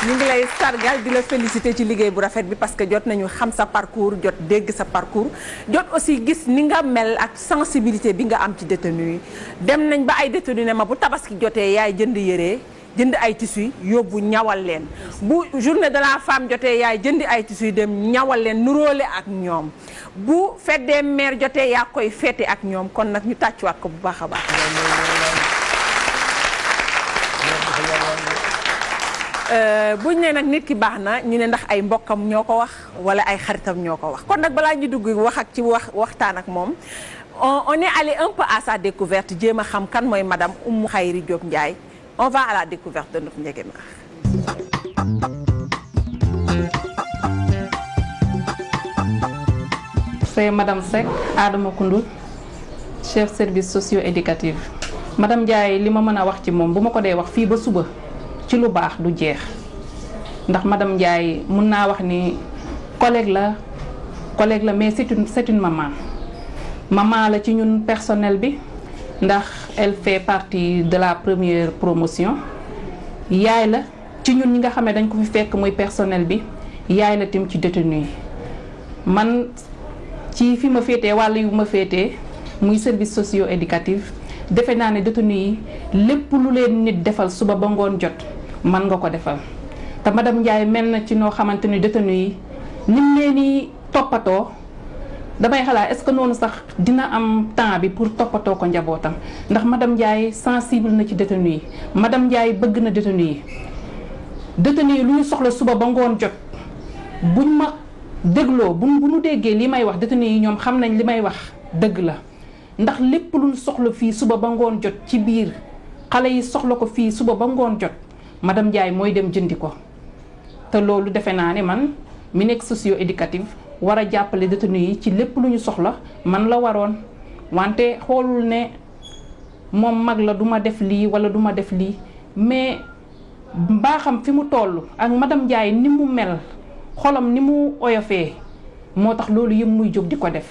ñu ngi lay sargal di la féliciter ci liggéey bu rafet bi parce que jot nañu xam sa parcours jot dégg sa parcours jot aussi gis ni nga mel ak sensibilité bi nga am ci détenu yi dem nañ ba ay détenu ne ma bu tabaski jotee yaay jënd yére jënd ay tissu yóbbu ñawal leen bu journée de la femme jotee yaay jëndi ay tissu dem ñawal leen nuróole ak ñoom bu feddee des mères jotee yaa koy féete ak ñoom kon nag ñu tàccuwaat ko bu baax a baax Euh, buñ ne nag nit ki baax na ñu ne ndax ay mbokkam ñoo ko wax wala ay xaritam ñoo ko wax kon nag balaa ñu dugg wax ak ci wax waxtaan ak moom on est allé un peu à sa découverte jéem a xam kan mooy madame Oumou Khayri Diop Ndiaye on va à la découverte de notre njëgënaar. c'est Adama Koundoul chef service socio-éducatif madam Ndiaye li ma mën a wax ci moom bu ma ko dee wax fii ba suba. ci lu baax du jeex ndax madam Ndiaye mun naa wax ni collègue la collègue la mais c'est une c'est une maman maman la ci ñun personnel bi ndax elle fait partie de la première promotion yaay la ci ñun ñi nga xam ne dañ ko fi fekk muy personnel bi yaay la tim ci détenu yi man ci fi ma féetee wàll yu ma féetee muy service socio-éducatif defe naa ne détenu yi lépp lu leen nit defal suba ba ngoon jot man nga ko defal te madame Ndiaye mel na ci noo xamante ni détenu yi nim leen ni toppatoo damay xalaat est-ce que noonu sax dina am temps bi pour toppatoo ko njabootam ndax madame Ndiaye sensible na ci détenu yi madame Ndiaye bëgg na détenu yi détenu yi lu ñu soxla suba ba ngoon jot buñ ma dégloo bu bu ñu déggee li may wax détenu yi ñoom xam nañ li may wax dëgg la ndax lépp lu ñu soxla fii suba ba ngoon jot ci biir xale yi soxla ko fii suba ba ngoon jot madame Ndiaye mooy dem jëndi ko te loolu defe naa ne man mi nekk socio éducative war a jàppale détenu yi ci lépp lu ñu soxla man la waroon wante xoolul ne moom mag la duma def lii wala duma def lii mais mbaaxam fi mu toll ak madame Ndiaye ni mu mel xolam ni mu oyofee moo tax loolu yëpp muy jóg di ko def.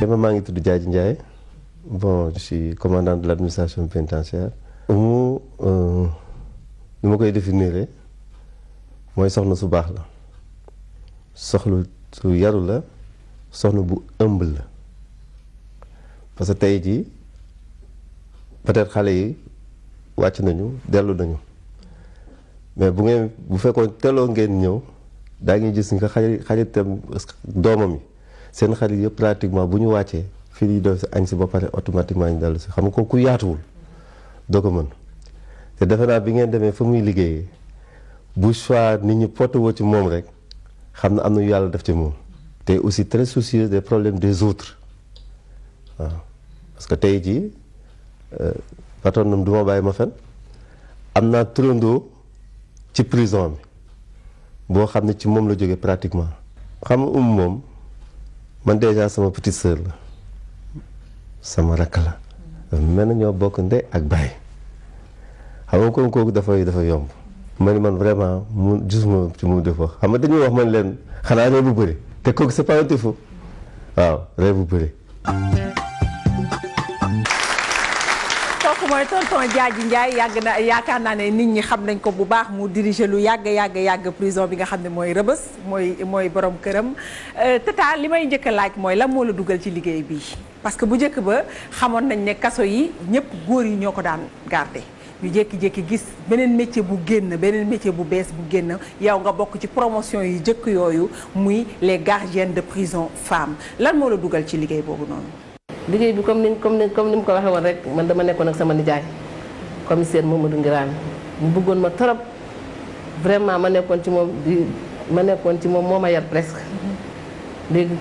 dama maa ngi tudd Diadji Ndiaye bon je suis commandant de l'administration pénitentiaire mu euh, nu ma koy définir mooy soxna su baax la soxlu su yaru la soxna bu ëmb la parce que tey jii peut-être xale yi wàcc nañu dellu nañu mais bu ngeen bu fekkoon teloo ngeen ñëw daa ngi gis nga xarit xaritam doomam yi seen xarit yëpp pratiquement bu ñu wàccee fii di def si añ si ba pare automatiquement ñu dellu si xam nga ko ku yaatuwul. doo ko mën te defe naa bi ngeen demee fa muy liggéeyee bu soit nit ñi porté woo ci moom rek xam na am na yu yàlla def ci moom te aussi très soucieux des problème des autres waaw parce que tey jii euh, patron nam du ma bàyyi ma fen am naa turandoo ci prison bi boo xam ne ci moom la jóge pratiquement xam um moom man déjà sama petite sœur la sama rakk la mel na ñoo bokk nde ak baay xam nga kooku dafa yomb ma ni man vraiment mu gisuma ci mu def wax xam nga dañuy wax man leen xanaa ree bu bëri te kooku c'est pas un défaut bu bëri kooku mooy tonton Diadji Ndiaye yàgg na yaakaar naa ne nit ñi xam nañ ko bu baax mu diriger lu yàgg yàgg yàgg prison bi nga xam ne mooy rëbës mooy mooy borom këram euh, tata li may njëkk laaj mooy lan moo la dugal ci liggéey bii parce que bu njëkk ba xamoon nañ ne kaso yi ñëpp góor yi ñoo ko daan garder ñu jékki-jékki gis beneen métier bu génn beneen métier bu bees bu génn yow nga bokk ci promotion yu jëkk yooyu muy les gardiennes de prison femmes lan moo la dugal ci liggéey boobu noonu liggéey bi comme ni comme ni comme ni mu ko waxee woon rek man dama nekkoon ak sama nijaay commissaire Mamadou Ngiraan mu bëggoon ma torop vraiment ma nekkoon ci moom di ma nekkoon ci moom moo ma yar presque léegi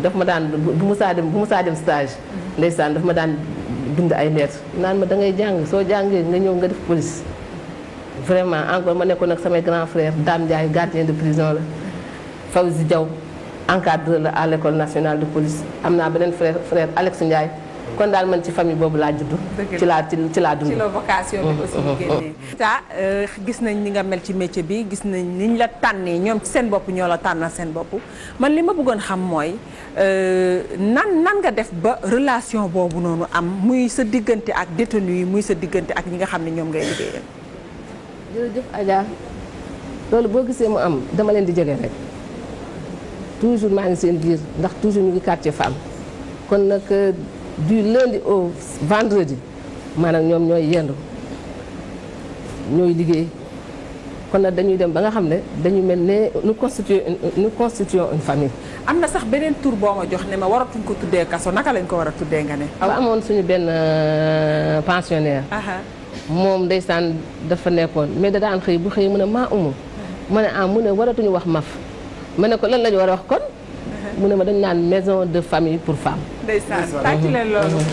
daf ma daan bu musaa dem bu musaa dem stage ndeysaan daf ma daan bind ay lettre naan ma da ngay jàng soo jàngee nga ñëw nga def police vraiment encore ma nekkoon ak samay grand frère Dame Ndiaye gardien de prison la faw Fawzi Diaw encadreur la à l'école nationale de police am naa beneen frère frère Alex Ndiaye. kon daal man ci famille boobu laa judd. ci laa laa dund. ci la vocation bi aussi génnee. Mm-hmm. Mm-hmm. ta euh, gis nañ ni nga mel ci métier bi gis nañ niñ la tànnee ñoom seen bopp ñoo la tànnal seen bopp man li ma bëggoon xam mooy euh, nan nan nga def ba relation boobu noonu am muy sa diggante ak détenu yi muy sa diggante ak ñi nga xam ne ñoom ngay liggéeyal. jërëjëf loolu boo gisee mu am dama leen di jege rek. toujours maa ngi seen biir ndax toujours ñu ngi quartier kon nag euh, du lundi au vendredi maanaam ñoom ñooy yendu ñooy liggéey kon nag dañuy dem ba nga xam ne dañu mel ne nous constituons nous constituons une am na sax beneen tur boo ma jox ne ma waratuñ ko tuddee kaso naka lañ ko war a tuddee nga ne. waaw amoon suñu benn euh, pensionnaire. moom ndeysaan dafa nekkoon mais da daan xëy bu xëy mu ne maa umu. mu ne ah mu ne waratuñu wax maf. ma ne ko lan la ñu war a wax kon. Uh-huh. mu ne ma dañ naan maison de famille pour femmes. ndeysaan tàcc leen loolu. Uh-huh.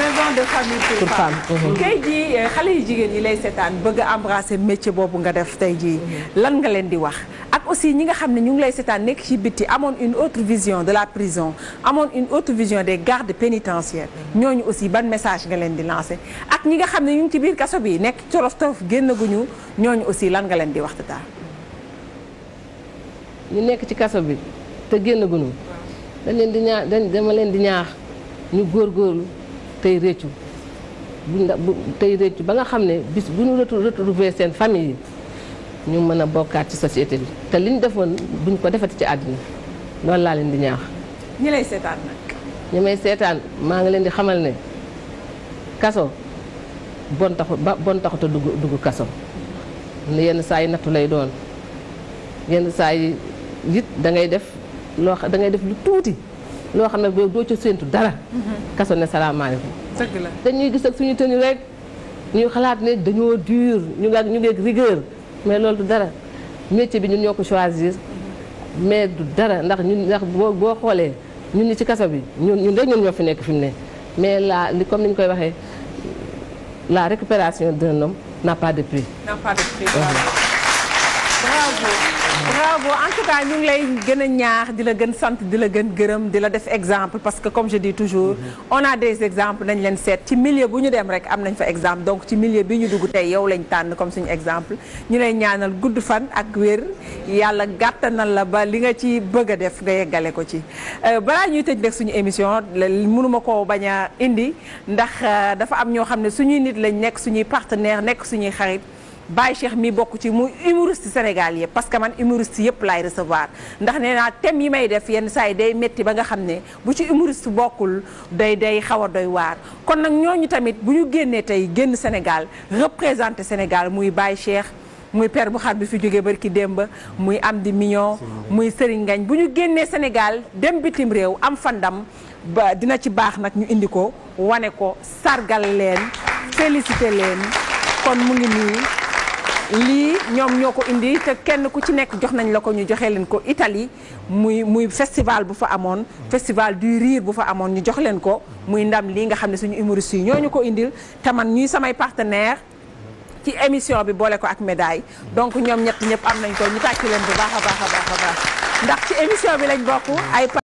maison de famille pour uh-huh. eh, xale yu jigéen ñi lay seetaan bëgg a embrasser métier boobu nga def tey jii lan nga leen di wax. ak aussi ñi nga xam ne ñu ngi lay seetaan nekk ci bitti amoon une autre vision de la prison amoon une autre vision de gardes pénitentiaires ñooñu aussi ban message nga leen di lancer ak ñi nga xam ne ñu ngi ci biir kaso bi nekk torof torof ñu ñooñu aussi lan nga leen di wax waxtaan. ñu nekk ci kaso bi te génnaguñu dañ leen di ñaax dañ dama leen di ñaax ñu góor góorlu réccu bu tey réccu ba nga xam ne bis bu ñu retrouver seen famille yi ñu mën a bokkaat ci société bi te li ñu defoon buñ ko defati ci àddina loolu laa leen di ñaax. ñi lay seetaan may seetaan maa ngi leen di xamal ne kaso bon taxu ba bon taxut a dugg kaso yenn saa yi nattu lay doon yenn saa yi nit da ngay def loo xam da ngay def lu tuuti loo xam ne boobu doo ci séentu dara. Mm-hmm. kaso ne salaamaaleykum. dëgg la ñuy gis ak suñu tëni rek ñu xalaat ne dañoo dur ñu nga ñu ngeeg rigueur mais loolu du dara métier bi ñun ñoo ko choisir. mais du dara ndax ñu ndax boo boo xoolee ñun ñi ci kaso bi ñun ñun rek ñun ñoo fi nekk fi mu ne mais la li comme ni ñu koy waxee la récupération d'un homme n'a pas de prix. n'a bravo en tout cas ñu ngi lay gën a ñaax di la gën sant di la gën gërëm di la def exemple parce que comme je dis toujours mhm. on des exemples nañ leen seet ci milieu bu ñu dem rek am nañ fa exemple donc ci milieu bi ñu dugg tey yow lañ tànn comme suñu exemple ñu lay ñaanal gudd fan ak wér yàlla gàttanal la ba li nga ci bëgg a def nga yeggale ko ci euh, balaa ñuy tëj nag suñu émission mënuma koo bañ a indi ndax euh, dafa am ñoo xam ne suñu nit lañ nekk suñuy partenaire nekk suñuy xarit Baye Cheikh mi bokk ci muy humoriste Sénégal yëpp parce man humoriste yëpp laay recevoir ndax nee naa thème yi may def yenn saa yi day métti ba nga xam ne bu ci humoriste bokkul day day xaw a doy waar kon nag ñooñu tamit bu ñu génnee tey génn Sénégal représenté Sénégal muy bàyyi Cheikh muy père bu xar bi fi jógee barki démb muy am di mignon muy Serigne ngañ bu ñu génnee Sénégal dem bitim réew am fandam ba dina ci baax nag ñu indi ko wane ko sargal leen félicité lii ñoom ñoo ko indi te kenn ku ci nekk jox nañ la ko ñu joxe leen ko itali muy muy festival bu fa amoon festival du rire bu fa amoon ñu jox leen ko muy ndam lii nga xam ne suñu humoristes yi ñoo ñu ko indi te man ñuy samay partenaire ci émission bi boole ko ak médaille donc ñoom ñett ñëpp am nañ ko ñu tàcc leen bu baax a baax a baax a baax ndax ci émission bi lañ bokk ay